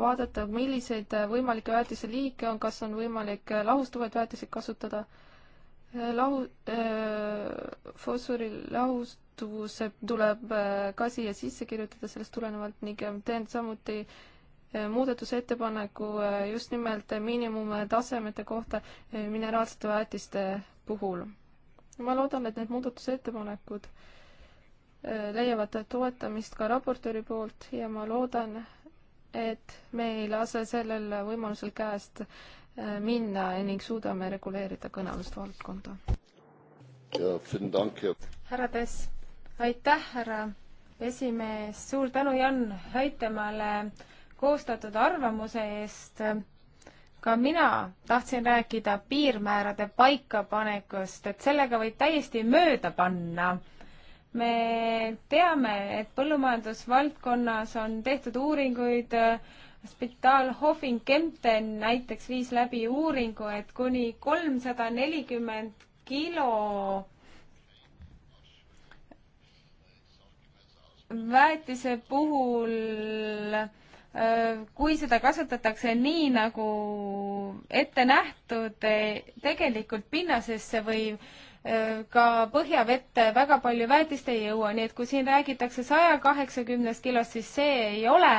vaadata, milliseid võimalikke väetise liike on, kas on võimalik lahustuvaid väetiseid kasutada. lahu- äh,, fosfori lahustuvus tuleb ka siia sisse kirjutada sellest tulenevalt ning teen samuti äh, Äh, muudatusettepaneku äh, just nimelt äh, miinimumtasemete kohta mineraalsete väetiste puhul. ma loodan, et need muudatusettepanekud leiavad toetamist ka raportööri poolt ja ma loodan, et me ei lase sellel võimalusel käest minna ning suudame reguleerida kõnealust valdkonda. härra Tess, aitäh, härra esimees, suur tänu Jan Häitemale koostatud arvamuse eest. ka mina tahtsin rääkida piirmäärade paikapanekust, et sellega võib täiesti mööda panna me teame, et põllumajandusvaldkonnas on tehtud uuringuid, spitaal Hoffing Kempten näiteks viis läbi uuringu, et kuni kolmsada nelikümmend kilo väetise puhul kui seda kasutatakse nii, nagu ette nähtud, eh, tegelikult pinnasesse või eh, ka põhjavette väga palju väetist ei jõua, nii et kui siin räägitakse saja kaheksakümnest kilost, siis see ei ole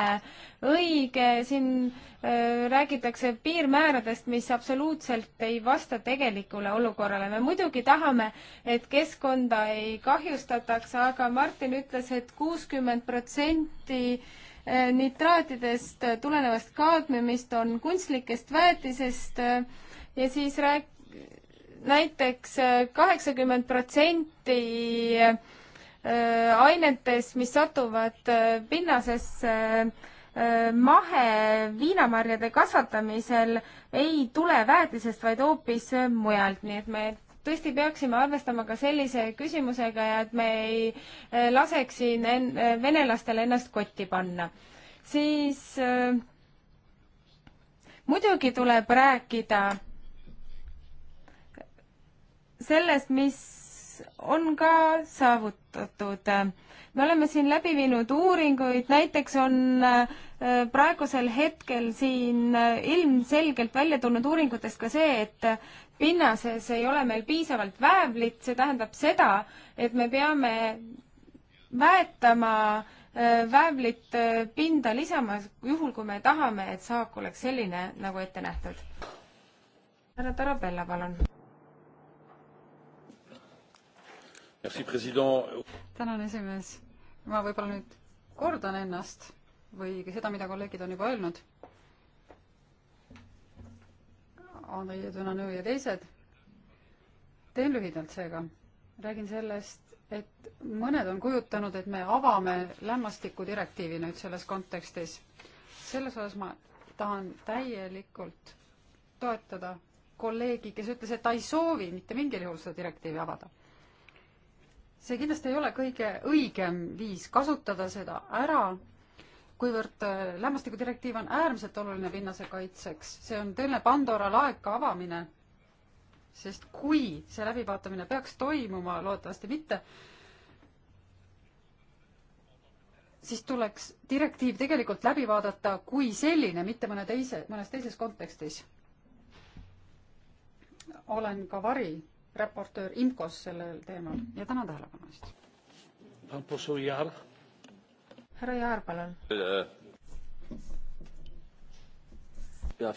õige, siin eh, räägitakse piirmääradest, mis absoluutselt ei vasta tegelikule olukorrale. me muidugi tahame, et keskkonda ei kahjustataks, aga Martin ütles et, et kuuskümmend protsenti Eh, nitraatidest eh, tulenevast kaadmimist, on kunstlikest väetisest eh, ja siis rääk-, näiteks kaheksakümmend protsenti ainetes, mis satuvad pinnasesse mahe viinamarjade kasvatamisel, ei tule väetisest, vaid hoopis mujalt, nii et me tõesti peaksime arvestama ka sellise küsimusega ja et me ei eh, laseks siin en-, eh, venelastel ennast kotti panna. siis äh, muidugi tuleb rääkida sellest, mis on ka saavutatud. me oleme siin läbi viinud uuringuid, näiteks on praegusel hetkel siin ilmselgelt välja tulnud uuringutest ka see, et pinnases ei ole meil piisavalt väävlit, see tähendab seda, et me peame väetama äh, väävlit äh, pinda lisama, juhul kui me tahame, et saak oleks selline, nagu ette nähtud. härra Tarabella, palun. tänan, esimees. ma võib-olla nüüd kordan ennast või seda, mida kolleegid on juba öelnud Andrei Donanõ ja teised. teen lühidalt seega, räägin sellest, et mõned on kujutanud, et me avame lämmastikudirektiivi nüüd selles kontekstis. selles osas ma tahan täielikult toetada kolleegi, kes ütles, et ta ei soovi mitte mingil juhul seda direktiivi avada. see kindlasti ei ole kõige õigem viis kasutada seda ära kuivõrd äh, lämmastikudirektiiv on äärmiselt oluline pinnase kaitseks, see on tõeline Pandora laeka avamine. sest kui see läbivaatamine peaks toimuma, loodetavasti mitte, siis tuleks direktiiv tegelikult läbi vaadata kui selline, mitte mõne teise, mõnes teises kontekstis. olen ka variraportöör IMCO-s sellel teemal ja tänan tähelepanu eest härra Jaar, palun. Äh, äh,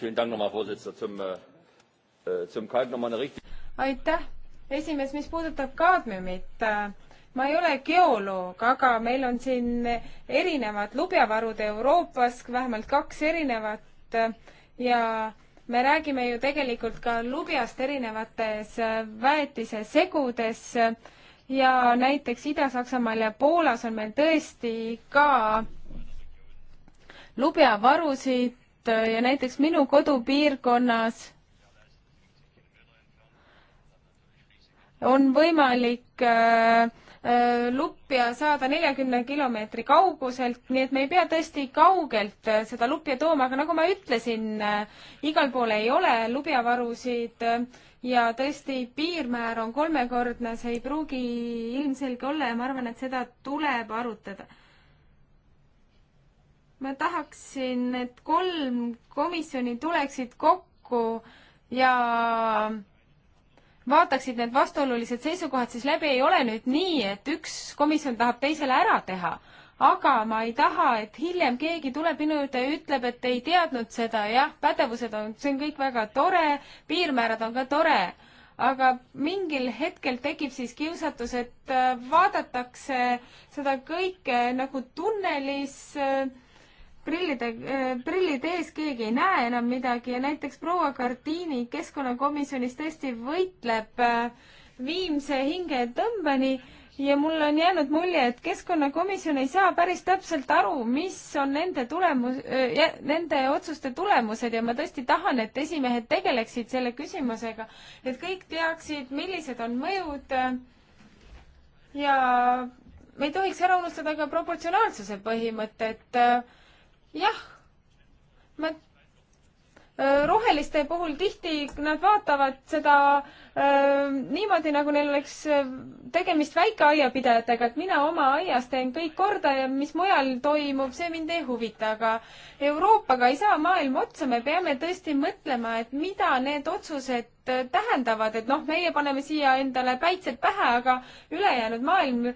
aitäh, esimees, mis puudutab kaadmiumit, äh, ma ei ole geoloog, aga meil on siin erinevad lubjavarud Euroopas, vähemalt kaks erinevat ja me räägime ju tegelikult ka lubjast erinevates väetisesegudes ja näiteks Ida-Saksamaal ja Poolas on meil tõesti ka lubjavarusid ja näiteks minu kodupiirkonnas on võimalik äh, äh lupja saada neljakümne kilomeetri kauguselt, nii et me ei pea tõesti kaugelt äh, seda lupja tooma, aga nagu ma ütlesin, äh, igal pool ei ole lubjavarusid ja tõesti, piirmäär on kolmekordne, see ei pruugi ilmselge olla ja ma arvan, et seda tuleb arutada. ma tahaksin, et kolm komisjoni tuleksid kokku ja vaataksid need vastuolulised seisukohad siis läbi, ei ole nüüd nii, et üks komisjon tahab teisele ära teha aga ma ei taha, et hiljem keegi tuleb minu juurde ja ütleb, et ei teadnud seda, jah, pädevused on, see on kõik väga tore, piirmäärad on ka tore, aga mingil hetkel tekib siis kiusatus, et äh, vaadatakse seda kõike nagu tunnelis äh, prillide, äh, prillid ees keegi ei näe enam midagi ja näiteks proua Kardiini keskkonnakomisjonis tõesti võitleb viimse hingetõmbeni ja mulle on jäänud mulje, et keskkonnakomisjon ei saa päris täpselt aru, mis on nende tulemus, nende otsuste tulemused ja ma tõesti tahan, et esimehed tegeleksid selle küsimusega, et kõik teaksid, millised on mõjud ja me ei tohiks ära unustada ka proportsionaalsuse põhimõtet. jah, ma Äh, roheliste puhul tihti nad vaatavad seda öö, äh, niimoodi, nagu neil oleks äh, tegemist väikeaiapidajatega, et mina oma aias teen kõik korda ja mis mujal toimub, see mind ei huvita, aga Euroopaga ei saa maailm otsa, me peame tõesti mõtlema, et mida need otsused tähendavad, et noh, meie paneme siia endale päitsed pähe, aga ülejäänud maailm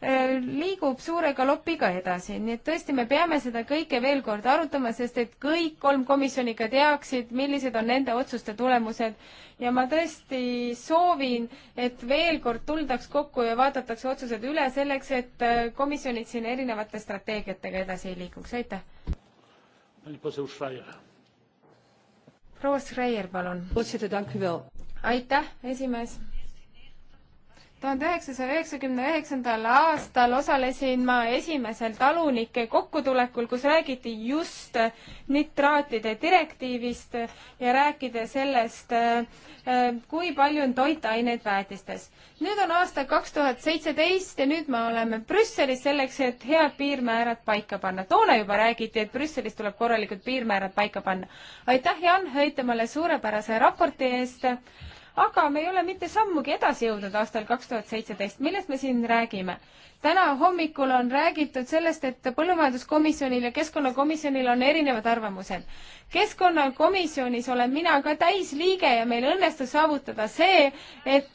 liigub suure galopiga edasi, nii et tõesti, me peame seda kõike veel kord arutama, sest et kõik kolm komisjoni ka teaksid, millised on nende otsuste tulemused ja ma tõesti soovin, et veel kord tuldaks kokku ja vaadatakse otsused üle selleks, et äh, komisjonid siin erinevate strateegiatega edasi ei liiguks, aitäh. proua Schreier, palun. aitäh, esimees tuhande üheksasaja üheksakümne üheksandal aastal osalesin ma esimesel talunike kokkutulekul, kus räägiti just nitraatide direktiivist ja rääkida sellest, äh, kui palju on toitaineid väetistes. nüüd on aasta kaks tuhat seitseteist ja nüüd me oleme Brüsselis selleks, et head piirmäärad paika panna. toona juba räägiti, et Brüsselis tuleb korralikud piirmäärad paika panna. aitäh, Jan Höitemale suurepärase raporti eest aga me ei ole mitte sammugi edasi jõudnud aastal kaks tuhat seitseteist, millest me siin räägime? täna hommikul on räägitud sellest, et Põllumajanduskomisjonil ja Keskkonnakomisjonil on erinevad arvamused. keskkonnakomisjonis olen mina ka täisliige ja meil õnnestus saavutada see, et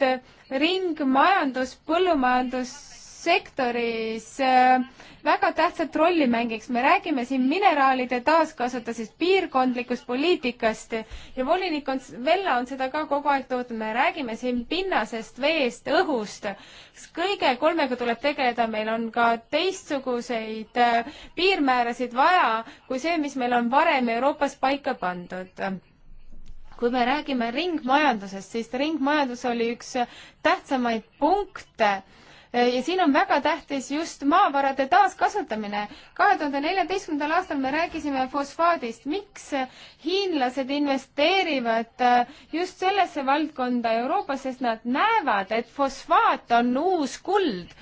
ringmajandus põllumajandussektoris äh, väga tähtsat rolli mängiks. me räägime siin mineraalide taaskasutusest, piirkondlikust poliitikast ja volinik on, Vella on seda ka kogu aeg toodud, me räägime siin pinnasest, veest, õhust. kõige kolmega tuleb tegeleda, meil on ka teistsuguseid äh, piirmäärasid vaja kui see, mis meil on varem Euroopas paika pandud kui me räägime ringmajandusest, siis ringmajandus oli üks tähtsamaid punkte äh, Äh, ja siin on väga tähtis just maavarade taaskasutamine. kahe tuhande neljateistkümnendal aastal me rääkisime fosfaadist, miks hiinlased investeerivad äh, just sellesse valdkonda Euroopas, sest nad näevad, et fosfaat on uus kuld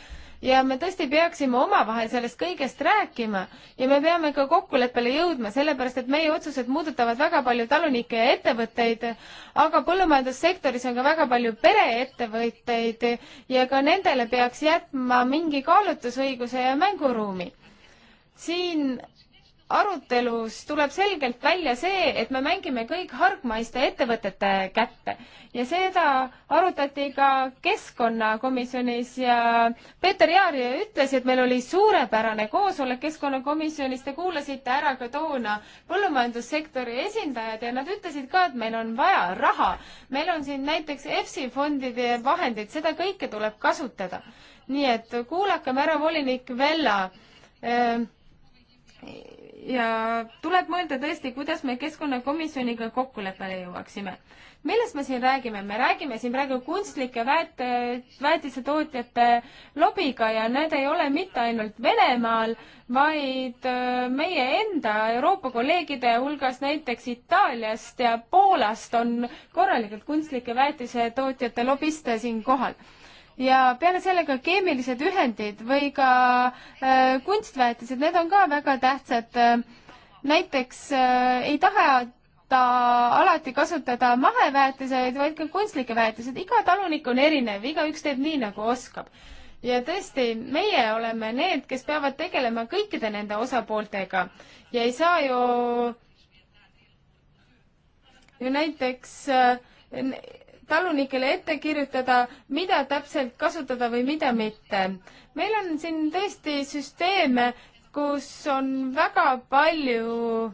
ja me tõesti peaksime omavahel sellest kõigest rääkima ja me peame ka kokkuleppele jõudma, sellepärast et meie otsused muudutavad väga palju talunikke ja ettevõtteid, aga põllumajandussektoris on ka väga palju pereettevõtteid ja ka nendele peaks jätma mingi kaalutlusõiguse ja mänguruumi. siin arutelus tuleb selgelt välja see, et me mängime kõik hargmaiste ettevõtete kätte ja seda arutati ka keskkonnakomisjonis ja Peeter Jaari ütles, et meil oli suurepärane koosolek keskkonnakomisjonis, te kuulasite ära ka toona põllumajandussektori esindajad ja nad ütlesid ka, et meil on vaja raha. meil on siin näiteks EFSI fondide vahendid, seda kõike tuleb kasutada. nii et kuulakem ära volinik Vella äh, ja tuleb mõelda tõesti, kuidas me keskkonnakomisjoniga kokkuleppele jõuaksime. millest me siin räägime? me räägime siin praegu kunstlike väet-, väetisetootjate lobiga ja need ei ole mitte ainult Venemaal, vaid äh, meie enda Euroopa kolleegide hulgas näiteks Itaaliast ja Poolast on korralikult kunstlike väetisetootjate lobiste siin kohal ja peale selle ka keemilised ühendid või ka äh, kunstväetised, need on ka väga tähtsad. näiteks äh, ei taheta alati kasutada maheväetiseid, vaid ka kunstlikke väetiseid, iga talunik on erinev, igaüks teeb nii, nagu oskab ja tõesti, meie oleme need, kes peavad tegelema kõikide nende osapooltega ja ei saa ju ju näiteks äh, talunikele ette kirjutada, mida täpselt kasutada või mida mitte. meil on siin tõesti süsteeme, kus on väga palju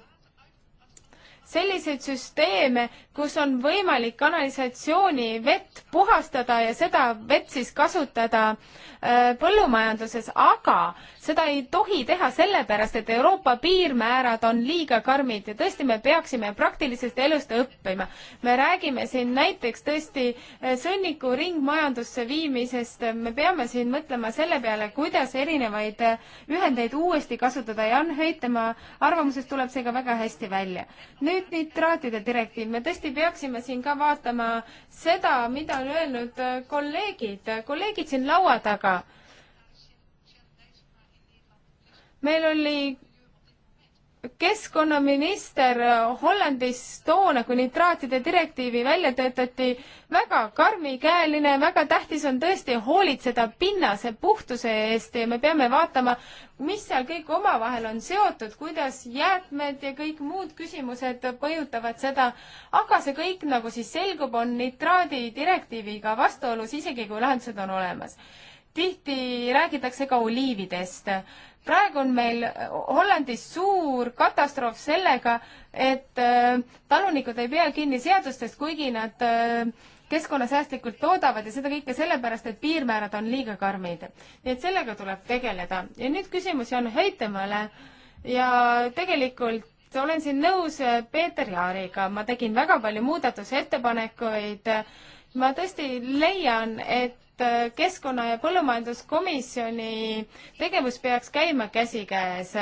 selliseid süsteeme, kus on võimalik kanalisatsiooni vett puhastada ja seda vett siis kasutada äh, põllumajanduses, aga seda ei tohi teha sellepärast, et Euroopa piirmäärad on liiga karmid ja tõesti, me peaksime praktilisest elust õppima. me räägime siin näiteks tõesti äh, sõnniku ringmajandusse viimisest, me peame siin mõtlema selle peale, kuidas erinevaid äh, ühendeid uuesti kasutada ja Jan Heitemaa arvamusest tuleb see ka väga hästi välja. nüüd nitraatide direktiiv, me tõesti tõesti peaksime siin ka vaatama seda, mida on öelnud äh, kolleegid, kolleegid siin laua taga. meil oli keskkonnaminister Hollandis toona, kui nitraatide direktiivi välja töötati, väga karmikäeline, väga tähtis on tõesti hoolitseda pinnase puhtuse eest ja me peame vaatama, mis seal kõik omavahel on seotud, kuidas jäätmed ja kõik muud küsimused mõjutavad seda, aga see kõik, nagu siis selgub, on nitraadi direktiiviga vastuolus, isegi kui lahendused on olemas tihti räägitakse ka oliividest praegu on meil Hollandis suur katastroof sellega, et äh, talunikud ei pea kinni seadustest, kuigi nad äh, keskkonnasäästlikult toodavad ja seda kõike sellepärast, et piirmäärad on liiga karmid. nii et sellega tuleb tegeleda. ja nüüd küsimus Jan Heitemale ja tegelikult olen siin nõus äh, Peeter Jaariga, ma tegin väga palju muudatusettepanekuid. ma tõesti leian, et et äh, Keskkonna- ja Põllumajanduskomisjoni tegevus peaks käima käsikäes.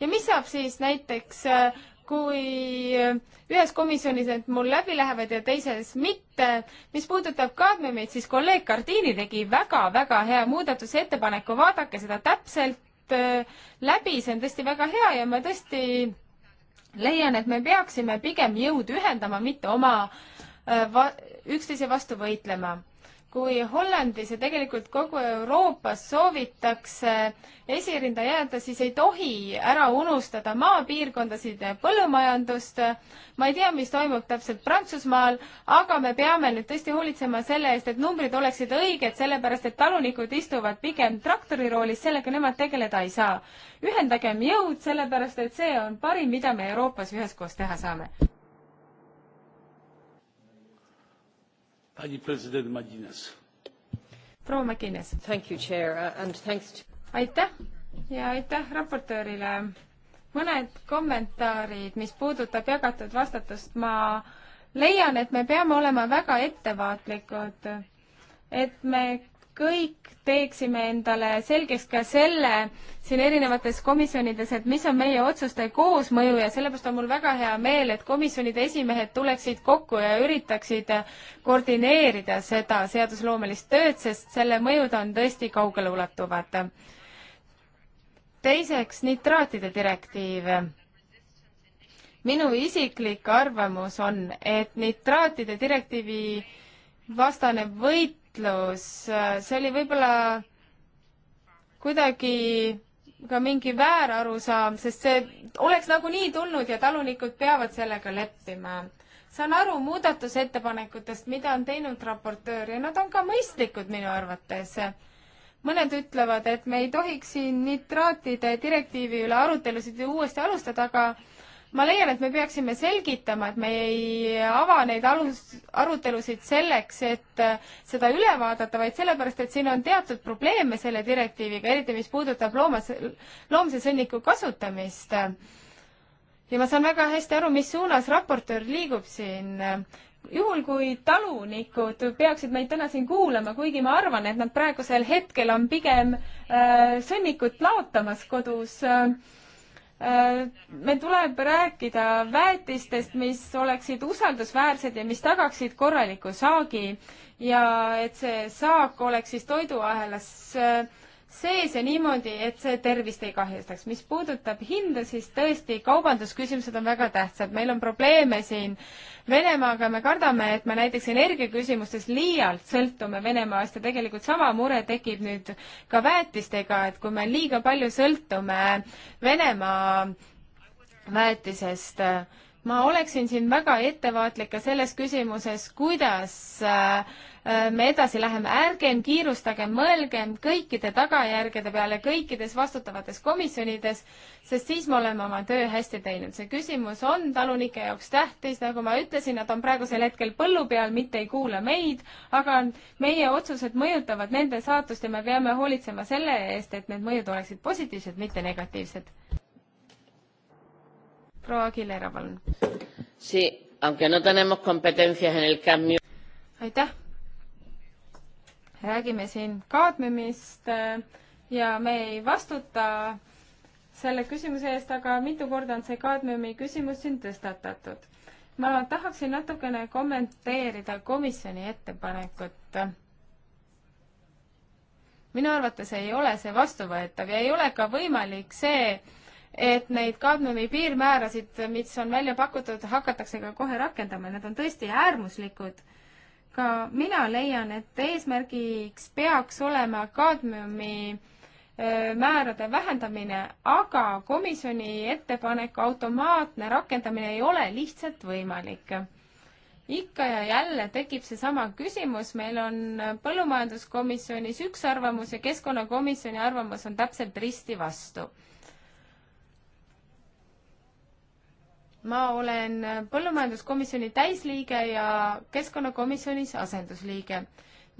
ja mis saab siis näiteks, äh, kui ühes komisjonis need mul läbi lähevad ja teises mitte. mis puudutab kadmiumit, siis kolleeg Kardiini tegi väga-väga hea muudatusettepaneku, vaadake seda täpselt äh, läbi, see on tõesti väga hea ja ma tõesti leian, et me peaksime pigem jõud ühendama, mitte oma va-, üksteise vastu võitlema kui Hollandis ja tegelikult kogu Euroopas soovitakse esirinda jääda, siis ei tohi ära unustada maapiirkondasid ja põllumajandust. ma ei tea, mis toimub täpselt Prantsusmaal, aga me peame nüüd tõesti hoolitsema selle eest, et numbrid oleksid õiged, sellepärast et talunikud istuvad pigem traktoriroolis, sellega nemad tegeleda ei saa. ühendagem jõud, sellepärast et see on parim, mida me Euroopas üheskoos teha saame. proua Mäkines. Uh, aitäh ja aitäh raportöörile. mõned kommentaarid, mis puudutab jagatud vastutust, ma leian, et me peame olema väga ettevaatlikud, et me kõik teeksime endale selgeks ka selle siin erinevates komisjonides, et mis on meie otsuste koosmõju ja sellepärast on mul väga hea meel, et komisjonide esimehed tuleksid kokku ja üritaksid koordineerida seda seadusloomelist tööd, sest selle mõjud on tõesti kaugeleulatuvad. teiseks, nitraatide direktiiv minu isiklik arvamus on, et nitraatide direktiivi vastane võit menetlus, see oli võib-olla kuidagi ka mingi väärarusaam, sest see oleks nagunii tulnud ja talunikud peavad sellega leppima. saan aru muudatusettepanekutest, mida on teinud raportöör ja nad on ka mõistlikud minu arvates. mõned ütlevad, et me ei tohiks siin nitraatide direktiivi üle arutelusid uuesti alustada, aga ma leian, et me peaksime selgitama, et me ei ava neid alus, arutelusid selleks, et äh, seda üle vaadata, vaid sellepärast, et siin on teatud probleeme selle direktiiviga, eriti mis puudutab loomas, loomse sõnniku kasutamist. ja ma saan väga hästi aru, mis suunas raportöör liigub siin juhul, kui talunikud peaksid meid täna siin kuulama, kuigi ma arvan, et nad praegusel hetkel on pigem äh, sõnnikut laotamas kodus äh,, Äh, meil tuleb rääkida väetistest, mis oleksid usaldusväärsed ja mis tagaksid korraliku saagi ja et see saak oleks siis toiduahelas äh, sees ja niimoodi, et see tervist ei kahjustaks. mis puudutab hinda, siis tõesti, kaubandusküsimused on väga tähtsad. meil on probleeme siin Venemaaga, me kardame, et me näiteks energiaküsimustes liialt sõltume Venemaast ja tegelikult sama mure tekib nüüd ka väetistega, et kui me liiga palju sõltume Venemaa väetisest äh, ma oleksin siin väga ettevaatlik ka selles küsimuses, kuidas äh, äh, me edasi läheme, ärgem kiirustagem, mõelgem kõikide tagajärgede peale kõikides vastutavates komisjonides, sest siis me oleme oma töö hästi teinud. see küsimus on talunike jaoks tähtis, nagu ma ütlesin, nad on praegusel hetkel põllu peal, mitte ei kuula meid, aga meie otsused mõjutavad nende saatust ja me peame hoolitsema selle eest, et need mõjud oleksid positiivsed, mitte negatiivsed proua Aguilera, palun. aitäh. räägime siin kaadmimist äh, ja me ei vastuta selle küsimuse eest, aga mitu korda on see kaadmiumi küsimus siin tõstatatud. ma tahaksin natukene kommenteerida komisjoni ettepanekut. minu arvates ei ole see vastuvõetav ja ei ole ka võimalik see, et neid kadmiumi piirmäärasid, mis on välja pakutud, hakatakse ka kohe rakendama, need on tõesti äärmuslikud. ka mina leian, et eesmärgiks peaks olema kadmiumi äh, määrade vähendamine, aga komisjoni ettepaneku automaatne rakendamine ei ole lihtsalt võimalik ikka ja jälle tekib seesama küsimus, meil on põllumajanduskomisjonis üks arvamus ja keskkonnakomisjoni arvamus on täpselt risti vastu ma olen põllumajanduskomisjoni täisliige ja keskkonnakomisjonis asendusliige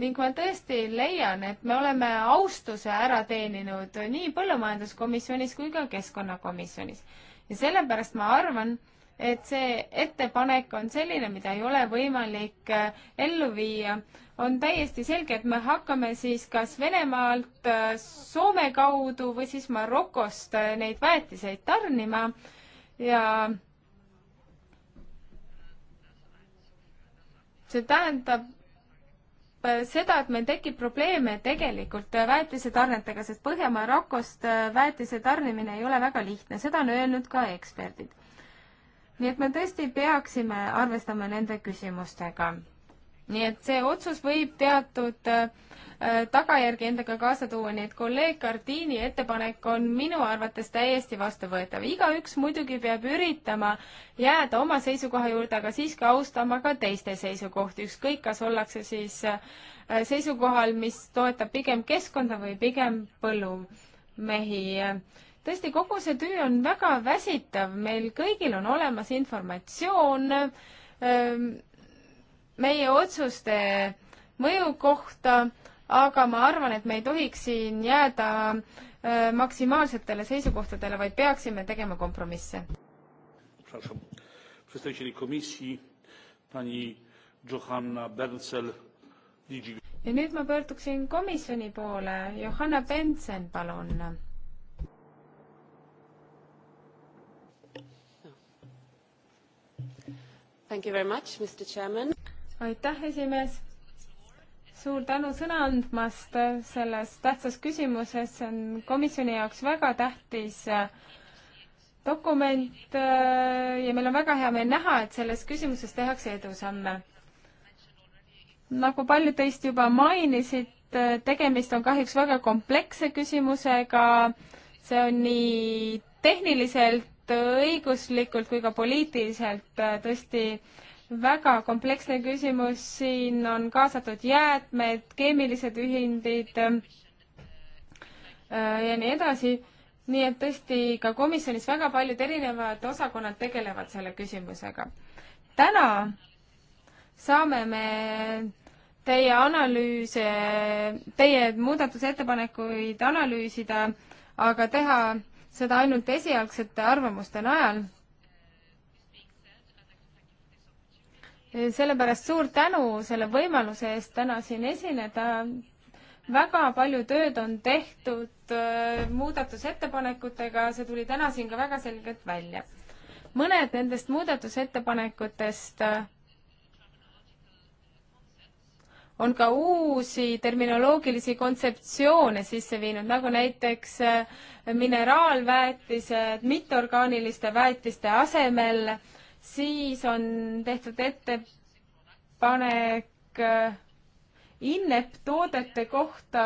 ning ma tõesti leian, et me oleme austuse ära teeninud nii põllumajanduskomisjonis kui ka keskkonnakomisjonis. ja sellepärast ma arvan, et see ettepanek on selline, mida ei ole võimalik äh, ellu viia. on täiesti selge, et me hakkame siis kas Venemaalt äh, Soome kaudu või siis Marokost äh, neid väetiseid tarnima ja see tähendab äh, seda, et meil tekib probleeme tegelikult äh, väetisetarnetega, sest Põhjamaa Rakost äh, väetise tarnimine ei ole väga lihtne, seda on öelnud ka eksperdid. nii et me tõesti peaksime arvestama nende küsimustega nii et see otsus võib teatud äh, äh, tagajärgi endaga kaasa tuua, nii et kolleeg Gardiini ettepanek on minu arvates täiesti vastuvõetav. igaüks muidugi peab üritama jääda oma seisukoha juurde, aga siiski austama ka teiste seisukohti, ükskõik kas ollakse siis äh, seisukohal, mis toetab pigem keskkonda või pigem põllumehi. tõesti, kogu see töö on väga väsitav, meil kõigil on olemas informatsioon ähm, meie otsuste mõju kohta, aga ma arvan, et me ei tohiks siin jääda äh, maksimaalsetele seisukohtadele, vaid peaksime tegema kompromisse. ja nüüd ma pöörduksin komisjoni poole, Johanna Bentsen, palun. Thank you very much, Mr Chairman aitäh, esimees! suur tänu sõna andmast selles tähtsas küsimuses, see on komisjoni jaoks väga tähtis äh, dokument äh, ja meil on väga hea meel näha, et selles küsimuses tehakse edusamme. nagu paljud teist juba mainisid, äh, tegemist on kahjuks väga kompleksse küsimusega, see on nii tehniliselt, õiguslikult kui ka poliitiliselt tõesti äh, väga kompleksne küsimus, siin on kaasatud jäätmed, keemilised ühendid äh, ja nii edasi. nii et tõesti ka komisjonis väga paljud erinevad osakonnad tegelevad selle küsimusega. täna saame me teie analüüse, teie muudatusettepanekuid analüüsida, aga teha seda ainult esialgsete arvamuste najal sellepärast suur tänu selle võimaluse eest täna siin esineda. väga palju tööd on tehtud äh, muudatusettepanekutega, see tuli täna siin ka väga selgelt välja. mõned nendest muudatusettepanekutest äh, on ka uusi terminoloogilisi kontseptsioone sisse viinud, nagu näiteks äh, mineraalväetised mitteorgaaniliste väetiste asemel siis on tehtud ettepanek äh, INEP toodete kohta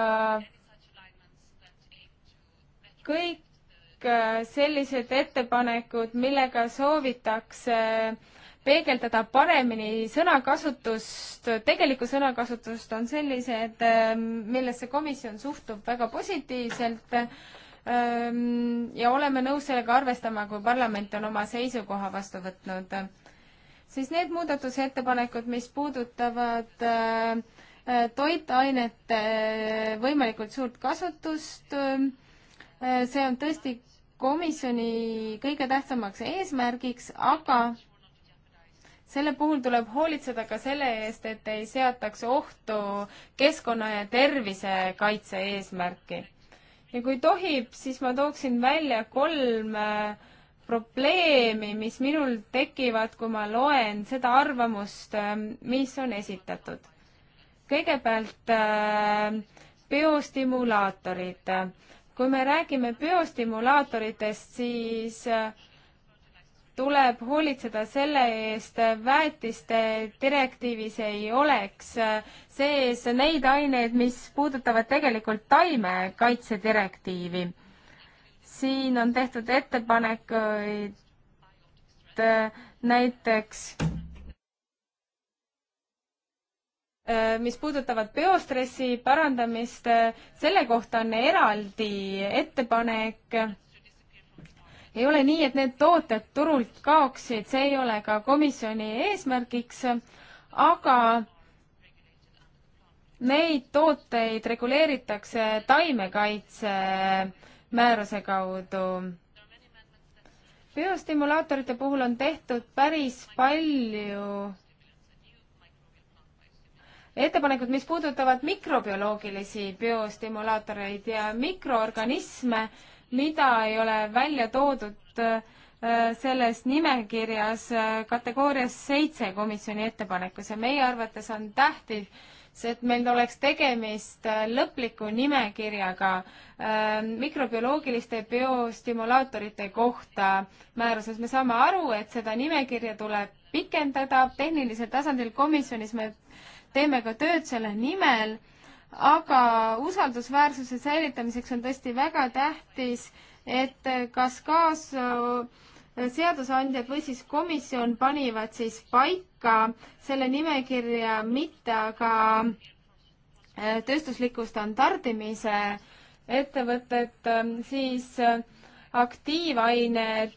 kõik äh, sellised ettepanekud, millega soovitakse peegeldada paremini sõnakasutust, tegelikku sõnakasutust, on sellised, äh, millesse komisjon suhtub väga positiivselt ja oleme nõus sellega arvestama, kui parlament on oma seisukoha vastu võtnud. siis need muudatusettepanekud, mis puudutavad äh, toitainete äh, võimalikult suurt kasutust, äh, see on tõesti komisjoni kõige tähtsamaks eesmärgiks, aga selle puhul tuleb hoolitseda ka selle eest, et ei seataks ohtu keskkonna ja tervise kaitse eesmärki ja kui tohib, siis ma tooksin välja kolm probleemi, mis minul tekivad, kui ma loen seda arvamust, ähm, mis on esitatud. kõigepealt biostimulaatorid. Ähm, kui me räägime biostimulaatoritest, siis äh, tuleb hoolitseda selle eest, väetiste direktiivis ei oleks sees neid aineid, mis puudutavad tegelikult taimekaitse direktiivi. siin on tehtud ettepanekuid äh, näiteks äh, mis puudutavad biostressi parandamist, äh, selle kohta on eraldi ettepanek ei ole nii, et need tooted turult kaoksid, see ei ole ka komisjoni eesmärgiks, aga neid tooteid reguleeritakse taimekaitse määruse kaudu biostimulaatorite puhul on tehtud päris palju ettepanekud, mis puudutavad mikrobioloogilisi biostimulaatoreid ja mikroorganisme, mida ei ole välja toodud äh, selles nimekirjas äh, kategoorias seitse komisjoni ettepanekus ja meie arvates on tähtis, et meil oleks tegemist äh, lõpliku nimekirjaga äh, mikrobioloogiliste biostimulaatorite kohta määruses. me saame aru, et seda nimekirja tuleb pikendada, tehnilisel tasandil komisjonis me teeme ka tööd selle nimel aga usaldusväärsuse säilitamiseks on tõesti väga tähtis, et kas kaas seadusandjad või siis komisjon panivad siis paika selle nimekirja mitte aga äh, tööstusliku standardimise ettevõtted, äh, siis äh, aktiivained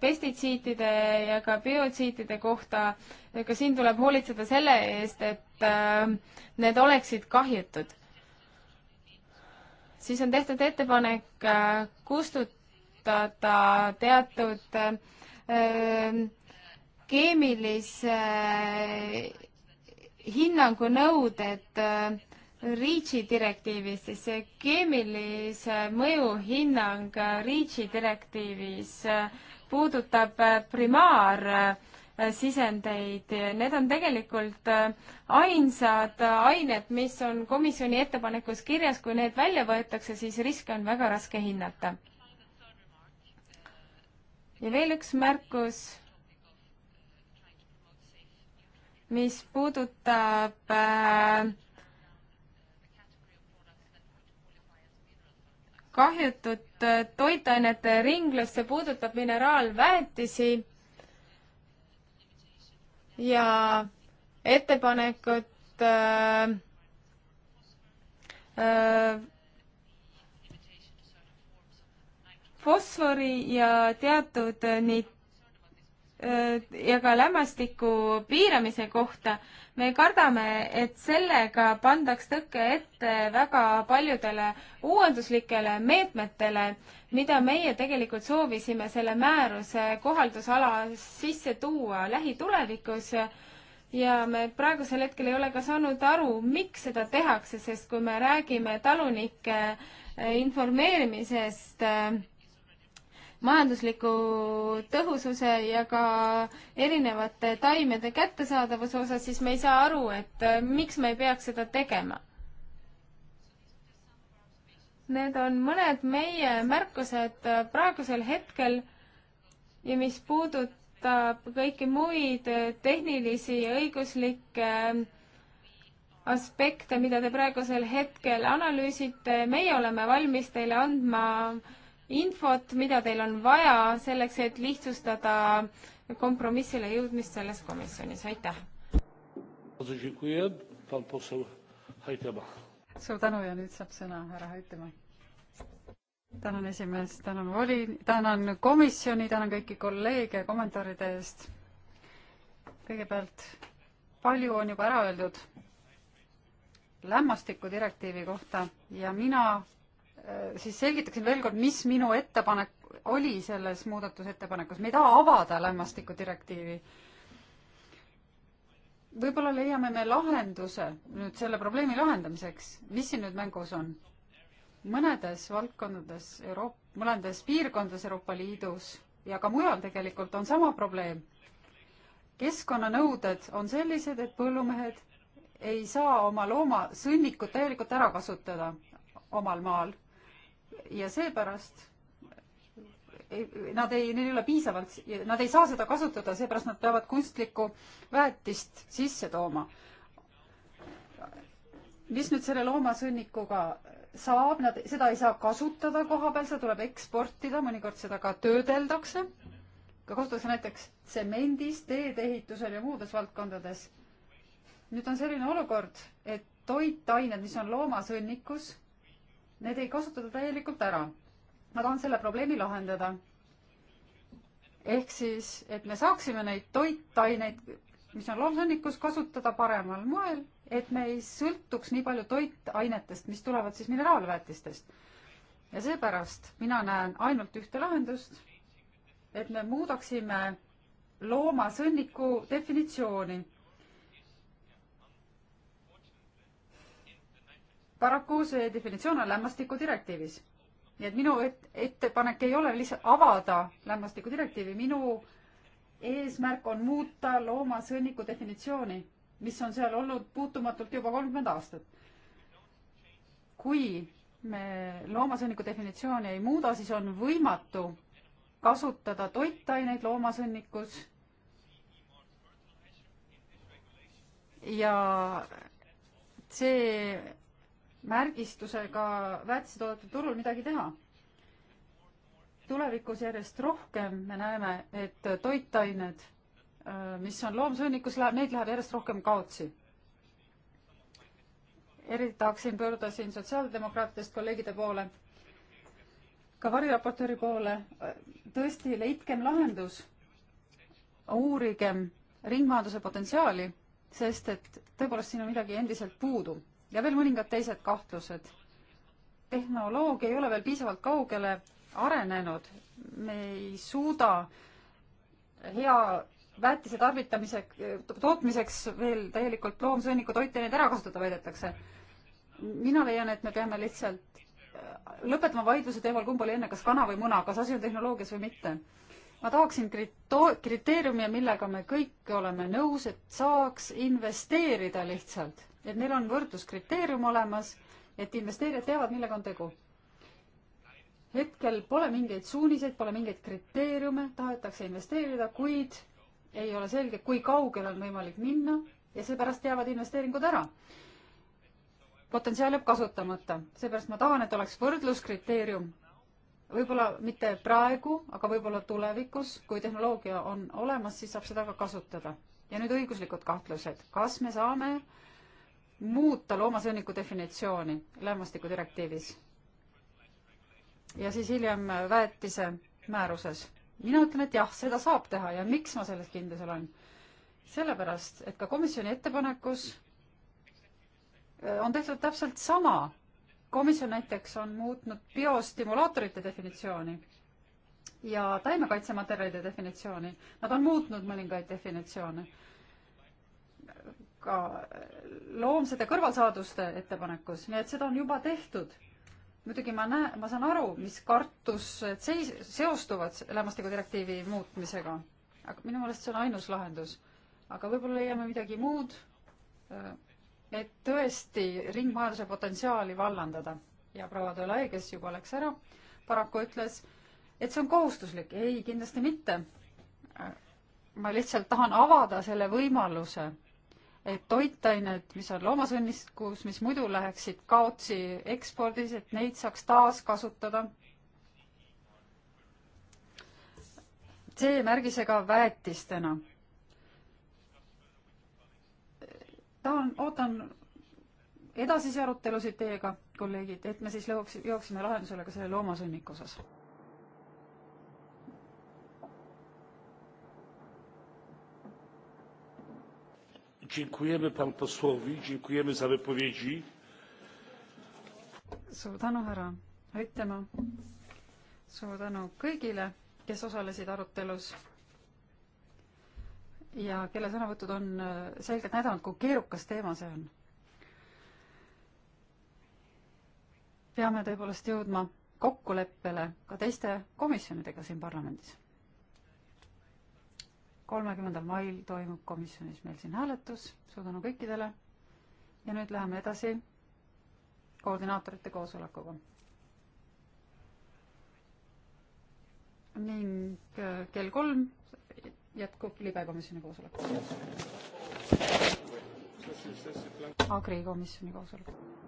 pestitsiitide ja ka biotsiitide kohta ka siin tuleb hoolitseda selle eest, et äh, need oleksid kahjutud. siis on tehtud ettepanek äh, kustutada teatud äh, keemilise hinnangu nõuded REACH-i direktiivis, siis see keemilise mõju hinnang REACH-i direktiivis puudutab primaar- äh, Äh, sisendeid. Need on tegelikult äh, ainsad äh, ained, mis on komisjoni ettepanekus kirjas, kui need välja võetakse, siis riske on väga raske hinnata. ja veel üks märkus, mis puudutab äh, kahjutud toitainete ringlusse, puudutab mineraalväetisi ja ettepanekut äh, äh, fosfori ja teatud nii äh, ja ka lämmastiku piiramise kohta, me kardame, et sellega pandaks tõke ette väga paljudele uuenduslikele meetmetele, mida meie tegelikult soovisime selle määruse kohaldusala sisse tuua lähitulevikus ja me praegusel hetkel ei ole ka saanud aru, miks seda tehakse, sest kui me räägime talunike eh, informeerimisest äh, majandusliku tõhususe ja ka erinevate taimede kättesaadavuse osas, siis me ei saa aru, et eh, miks me ei peaks seda tegema. Need on mõned meie märkused äh, praegusel hetkel ja mis puudutab kõiki muid äh, tehnilisi ja õiguslikke äh, aspekte, mida te praegusel hetkel analüüsite, meie oleme valmis teile andma infot, mida teil on vaja selleks, et lihtsustada kompromissile jõudmist selles komisjonis, aitäh! suur tänu ja nüüd saab sõna härra Haitemaa. tänan esimees, tänan voli, tänan komisjoni, tänan kõiki kolleege kommentaaride eest. kõigepealt, palju on juba ära öeldud lämmastikudirektiivi kohta ja mina äh, siis selgitaksin veel kord, mis minu ettepanek oli selles muudatusettepanekus. me ei taha avada lämmastikudirektiivi võib-olla leiame me lahenduse nüüd selle probleemi lahendamiseks, mis siin nüüd mängus on? mõnedes valdkondades Euroop-, mõnedes piirkondades Euroopa Liidus ja ka mujal tegelikult on sama probleem. keskkonnanõuded on sellised, et põllumehed ei saa oma looma sõnnikut täielikult ära kasutada omal maal ja seepärast nad ei, neil ei ole piisavalt, nad ei saa seda kasutada, seepärast nad peavad kunstlikku väetist sisse tooma. mis nüüd selle loomasõnnikuga saab, nad, seda ei saa kasutada kohapeal, seda tuleb eksportida, mõnikord seda ka töödeldakse, ka kasutatakse näiteks tsemendis, teedeehitusel ja muudes valdkondades. nüüd on selline olukord, et toitained, mis on loomasõnnikus, need ei kasutata täielikult ära ma tahan selle probleemi lahendada. ehk siis, et me saaksime neid toitaineid, mis on loomsõnnikus, kasutada paremal moel, et me ei sõltuks nii palju toitainetest, mis tulevad siis mineraalväetistest. ja seepärast mina näen ainult ühte lahendust, et me muudaksime loomasõnniku definitsiooni paraku see definitsioon on lämmastikudirektiivis nii et minu ettepanek ei ole lihtsalt avada lämmastikudirektiivi, minu eesmärk on muuta loomasõnniku definitsiooni, mis on seal olnud puutumatult juba kolmkümmend aastat. kui me loomasõnniku definitsiooni ei muuda, siis on võimatu kasutada toitaineid loomasõnnikus ja see märgistusega väetisetoodete turul midagi teha. tulevikus järjest rohkem me näeme, et toitained, äh, mis on loomsõnnikus, läheb, neid läheb järjest rohkem kaotsi. eriti tahaksin pöörduda siin sotsiaaldemokraatidest kolleegide poole, ka variraportööri poole, äh, tõesti leidkem lahendus, uurigem ringmajanduse potentsiaali, sest et tõepoolest siin on midagi endiselt puudu ja veel mõningad teised kahtlused. tehnoloogia ei ole veel piisavalt kaugele arenenud, me ei suuda hea väetise tarvitamise, tootmiseks veel täielikult loomsõnniku toitaineid ära kasutada väidetakse. mina leian, et me peame lihtsalt äh, lõpetama vaidluse teemal, kumb oli enne, kas kana või muna, kas asi on tehnoloogias või mitte. ma tahaksin krito-, kriteeriumi, millega me kõik oleme nõus, et saaks investeerida lihtsalt et meil on võrdluskriteerium olemas, et investeerijad teavad, millega on tegu. hetkel pole mingeid suuniseid, pole mingeid kriteeriume, tahetakse investeerida, kuid ei ole selge, kui kaugele on võimalik minna ja seepärast jäävad investeeringud ära. potentsiaal jääb kasutamata, seepärast ma tahan, et oleks võrdluskriteerium võib-olla mitte praegu, aga võib-olla tulevikus, kui tehnoloogia on olemas, siis saab seda ka kasutada. ja nüüd õiguslikud kahtlused, kas me saame muuta loomasõnniku definitsiooni lämmastikudirektiivis ja siis hiljem väetise määruses. mina ütlen, et jah, seda saab teha ja miks ma selles kindel olen? sellepärast, et ka komisjoni ettepanekus äh, on tehtud täpselt sama. komisjon näiteks on muutnud biostimulaatorite definitsiooni ja taimekaitsematerjalide definitsiooni. Nad on muutnud mõningaid definitsioone ka äh, loomsete kõrvalsaaduste ettepanekus, nii et seda on juba tehtud. muidugi ma näen, ma saan aru, mis kartused seis-, seostuvad lämmastikudirektiivi muutmisega, aga minu meelest see on ainus lahendus. aga võib-olla leiame midagi muud, äh, et tõesti ringmajanduse potentsiaali vallandada. ja proua Tõlae, kes juba läks ära, paraku ütles, et see on kohustuslik. ei, kindlasti mitte. Äh, ma lihtsalt tahan avada selle võimaluse et toitained, mis on loomasõnniskus, mis muidu läheksid kaotsi ekspordis, et neid saaks taaskasutada. C-märgisega väetistena. tahan, ootan edasisi arutelusid teiega, kolleegid, et me siis lõuks, jõuaksime lahendusele ka selle loomasõnniku osas. dziękujemy panu posłowi dziękujemy za wypowiedzi. suur tänu härra Aitema suur tänu kõigile kes osalesid arutelus ja kelle sõnavõtud on äh, selgelt näidanud kui keerukas teema see on peame tõepoolest jõudma kokkuleppele ka teiste komisjonidega siin parlamendis kolmekümnendal mail toimub komisjonis meil siin hääletus, suur tänu kõikidele. ja nüüd läheme edasi koordinaatorite koosolekuga. ning äh, kell kolm jätkub libekomisjoni koosolek. agrikomisjoni koosolek.